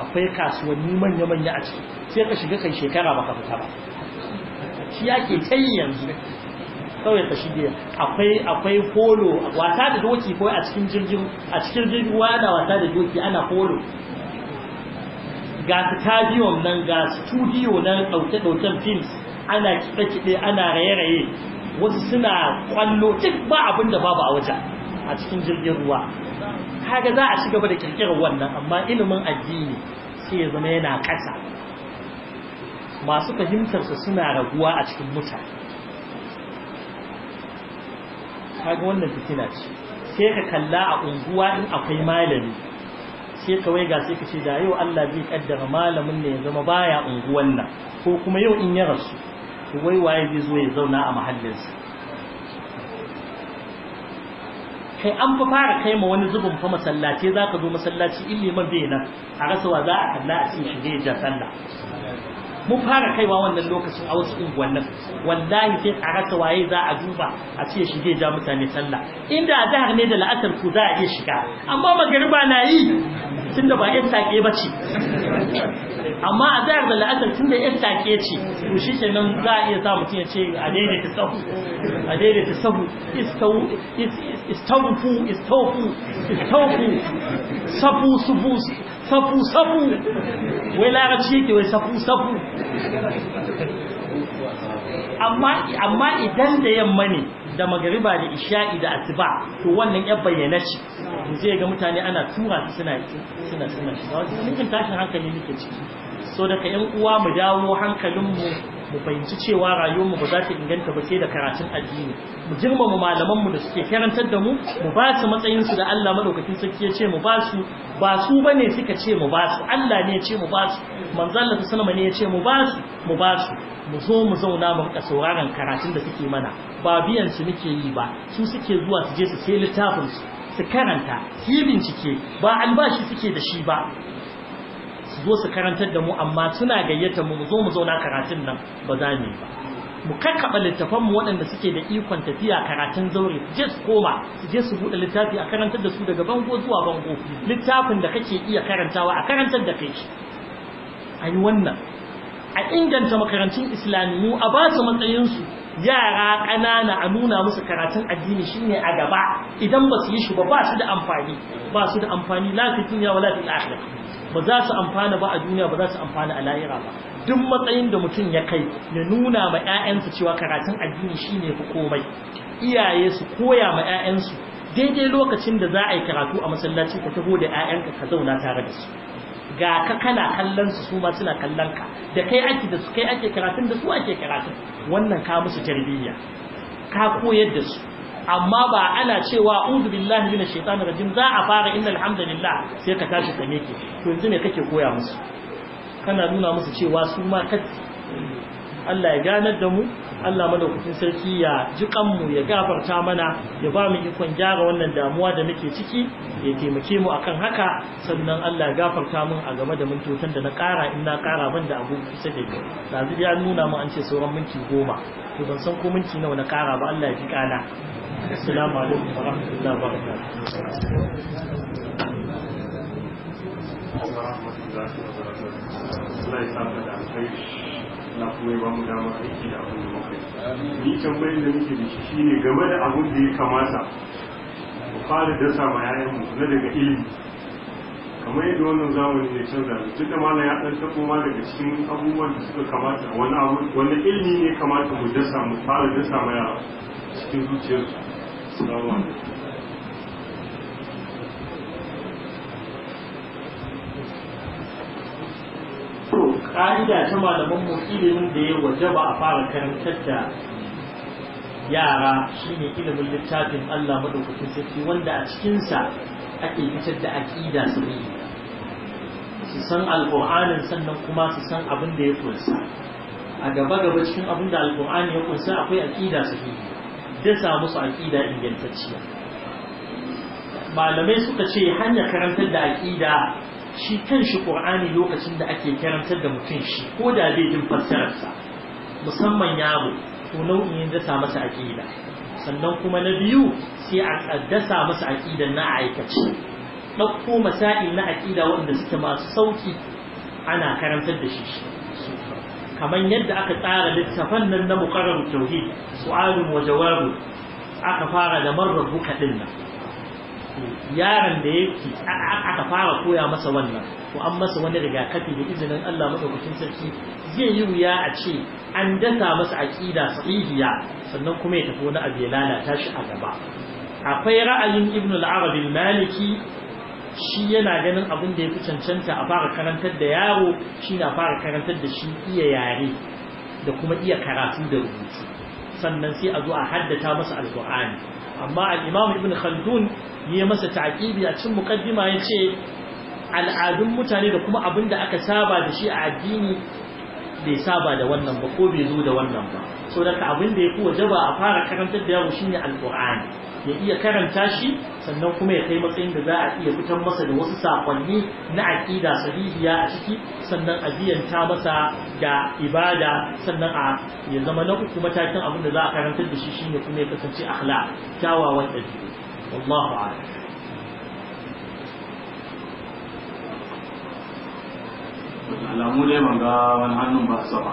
akwai kasuwanni manya manya a ciki sai ka shiga kai shekara baka fita ba shi yake kai yanzu kawai ka shige akwai akwai polo wasa da doki kawai a cikin jirgin a cikin jirgin ruwa da wasa da doki ana polo ga stadium nan ga studio nan ɗauke-ɗauken films ana kiɗe-kiɗe ana raye-raye wasu suna kwallo duk ba abin da babu a wajen a cikin jirgin ruwa kaga za a ci gaba da kirkirar wannan amma ilimin addini sai ya zama yana ƙasa masu fahimtarsa suna raguwa a cikin mutane kaga wannan fitina ce sai ka kalla a unguwa in akwai malami sai ka waiga sai ka ce da yau Allah zai kaddara malamin ne ya zama baya unguwan nan ko kuma yau in ya rasu to wai waye zai zo ya zauna a mahallin mahallinsa kai an fa fara kai ma wani zubin fa masallaci zaka zo masallaci illiman bai nan a rasa wa za a kalla a cikin shige ja sallah mun fara kaiwa wannan lokacin a wasu unguwannin wallahi sai a rasa waye za a duba a ce shi zai ja mutane sallah inda a jihar ne da la'asar ku za a iya shiga amma magariba na yi tun da ba yan take ba ce amma a jihar da la'asar da yan take ce to shi nan za a iya sa mutum ya ce a daidaita sahu a daidaita sahu istaufu istaufu istaufu sabu subu safu safu wai larabci yake wai safu safu amma idan da yamma ne da magariba da isha'i da asuba to wannan ya bayyana shi zai ga mutane ana tura su suna suna suna shi mutum tashin hankali nake ciki so daga yan uwa mu dawo hankalinmu mu fahimci cewa rayuwar mu ba za ta inganta ba sai da karatun addini mu malaman malamanmu da suke karantar da mu mu ba su matsayinsu da Allah madaukakin sarki ya ce mu ba su ba su bane suka ce mu ba su Allah ne ya ce mu ba su manzo Allah sanama ne ya ce mu ba su mu ba su mu zo mu zauna mu rika sauraron karatun da suke mana ba biyan su muke yi ba su suke zuwa su je su sai littafin su su karanta su yi bincike ba albashi suke da shi ba zo su karantar da mu amma suna gayyata mu zo mu zauna karatun nan ba za mu ba mu kakkaɓa littafan mu waɗanda suke da ikon tafiya karatun zaure je su koma su je su buɗe littafi a karantar da su daga bango zuwa bango littafin da kake iya karantawa a karantar da kai shi a yi wannan a inganta makarantun islamiyyu a ba su matsayinsu yara ƙanana a nuna musu karatun addini shine a gaba idan ba su yi shi ba ba su da amfani ba su da amfani la fi wala fil akhirah ba za su amfana ba a duniya ba za su amfana a lahira ba duk matsayin da mutum ya kai ya nuna ma ƴaƴansa cewa karatun addini shine fi komai iyaye su koya ma ƴaƴansu daidai lokacin da za a yi karatu a masallaci ka taho da ƴaƴanka ka zauna tare da su ga ka kana kallon su su ma suna kallon ka da kai ake da su kai ake karatun da su ake karatun wannan ka musu tarbiyya ka koyar da su amma ba ana cewa uzu billahi minash shaitanir rajim za a fara inna alhamdulillah sai ka tashi ka meke to yanzu ne kake koya musu kana nuna musu cewa su ma Allah ya ganar da mu Allah madaukakin sarki ya ji kanmu ya gafarta mana ya ba mu ikon gyara wannan damuwa da muke ciki ya taimake mu akan haka sannan Allah ya gafarta mun a game da mintocin da na kara in na kara ban da abu kusa da yanzu ya nuna mu an ce sauran minti goma to ban san ko minti nawa na kara ba Allah ya fi kana assalamu alaikum wa rahmatullahi wa barakatuh Allah na kuma ya mu dama aiki da abin da muka yi ni tambayin da muke da shi shine game da abin da ya kamata mu fara dasa ma yayan mu na daga ilimi kamar yadda wannan zamani ne canza da duk da malam ya dan tabo ma daga cikin abubuwan da suka kamata wani abu wani ilimi ne kamata mu dasa mu fara dasa ma yara cikin zuciyarsu assalamu alaikum ƙa'ida ta malaman mu ilimin da ya waje ba a fara karantar da yara shine ilimin littafin Allah madaukakin sarki wanda a cikinsa ake fitar da aƙida su su san alƙur'anin sannan kuma su san abin da ya kunsa a gaba gaba cikin abin da alƙur'ani ya kunsa akwai aƙida su dasa musu aƙida ingantacciya malamai suka ce hanyar karantar da aƙida shi kan shi Qur'ani lokacin da ake karantar da mutum shi ko da bai jin fassararsa musamman yaro ku nau'in yin dasa masa aƙida sannan kuma na biyu sai a kaddasa masa aƙidan na aikace ɗauko masail na aƙida waɗanda suke masu sauki ana karantar da shi kamar yadda aka tsara littafan nan na muqarrar tauhid su'alun wa jawabun aka fara da man rabbuka ɗin nan yaron da yake aka fara koya masa wannan ko an masa wani rigakafi da izinin Allah madaukakin sarki zai yi wuya a ce an dasa masa aqida sahihiya sannan kuma ya tafi wani abu ya lalata shi a gaba akwai ra'ayin Ibn al-Arabi al-Maliki shi yana ganin abin da ya fi cancanta a fara karantar da yaro shi na fara karantar da shi iya yare da kuma iya karatu da rubutu sannan sai a zo a haddata masa alkur'ani amma al-imam ibn khaldun ya masa ta'qibi a cikin muqaddima yace al'adun mutane da kuma abin da aka saba da shi a addini bai saba da wannan ba ko bai zo da wannan ba so da abin da ya fi ba a fara karantar da shi ne alqur'ani ya iya karanta shi sannan kuma ya kai matsayin da za a iya fitar masa da wasu sakonni na aƙida sahihiya a ciki sannan a biyanta masa da ibada sannan a ya zama na uku matakin abin da za a karantar da shi shine kuma ya kasance akhla kyawawan ɗabi'u wallahu a'lam alamu dai ban ga wani hannun ba sama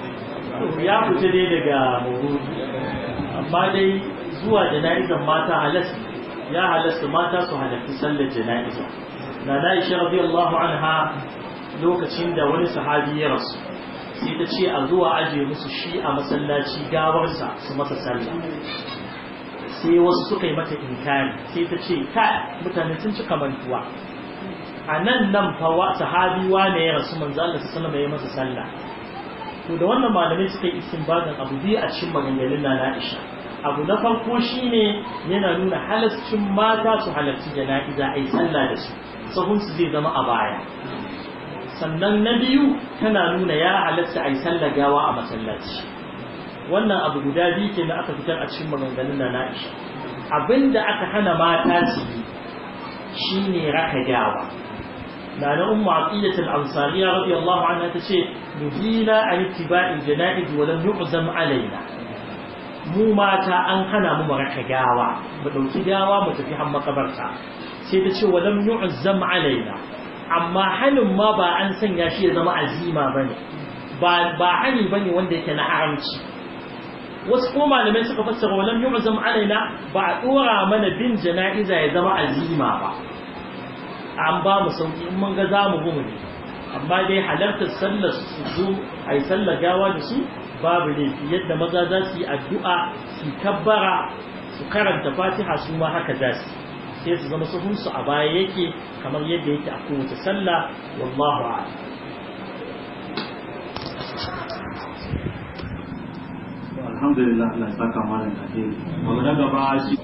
ya fita dai daga muru amma dai zuwa jana'izan mata halas ya halasta mata su halarci sallar jana'iza na na'isha radiyallahu anha lokacin da wani sahabi ya rasu sai ta ce a zuwa aje musu shi a masallaci gawarsa su masa sallah sai wasu suka yi mata inkari sai ta ce ta mutane sun cika mantuwa a nan nan fa sahabiwa ne ya rasu manzalar su sallallahu mai masa sallah to da wannan malamai suka yi istinbatin abu biyu a cikin maganganun na abu na farko shine yana nuna halascin mata su halarci jana'iza ai sallah da su sahun su zai zama a baya sannan na biyu tana nuna ya halatta ai sallah gawa a masallaci wannan abu guda biyu kenan aka fitar a cikin maganganun na Abin abinda aka hana mata su yi shine raka gawa نانا أم عطية الأنصارية رضي الله عنها تشي نهينا عن اتباع الجنائز ولم يعزم alaina. mu mata an hana mu maraka gawa mu ɗauki gawa mu tafi har makabarta sai ta ce walam yu'zam alaina amma hanin ma ba an sanya shi ya zama azima ne ba ba ne wanda yake na haramci wasu ko malamai suka fassara walam yu'zam alaina ba a ɗora mana bin jana'iza ya zama azima ba an ba mu sauki in mun ga za mu gumu ne amma dai halartar sallar su zo a yi sallar gawa da su babu laifi yadda maza za su yi addu'a su kabbara su karanta fatiha su ma haka za su sai su zama suhunsu a baya yake kamar yadda yake a kowace sallah wallahu a'lam alhamdulillah Allah ya saka malam kafin gaba shi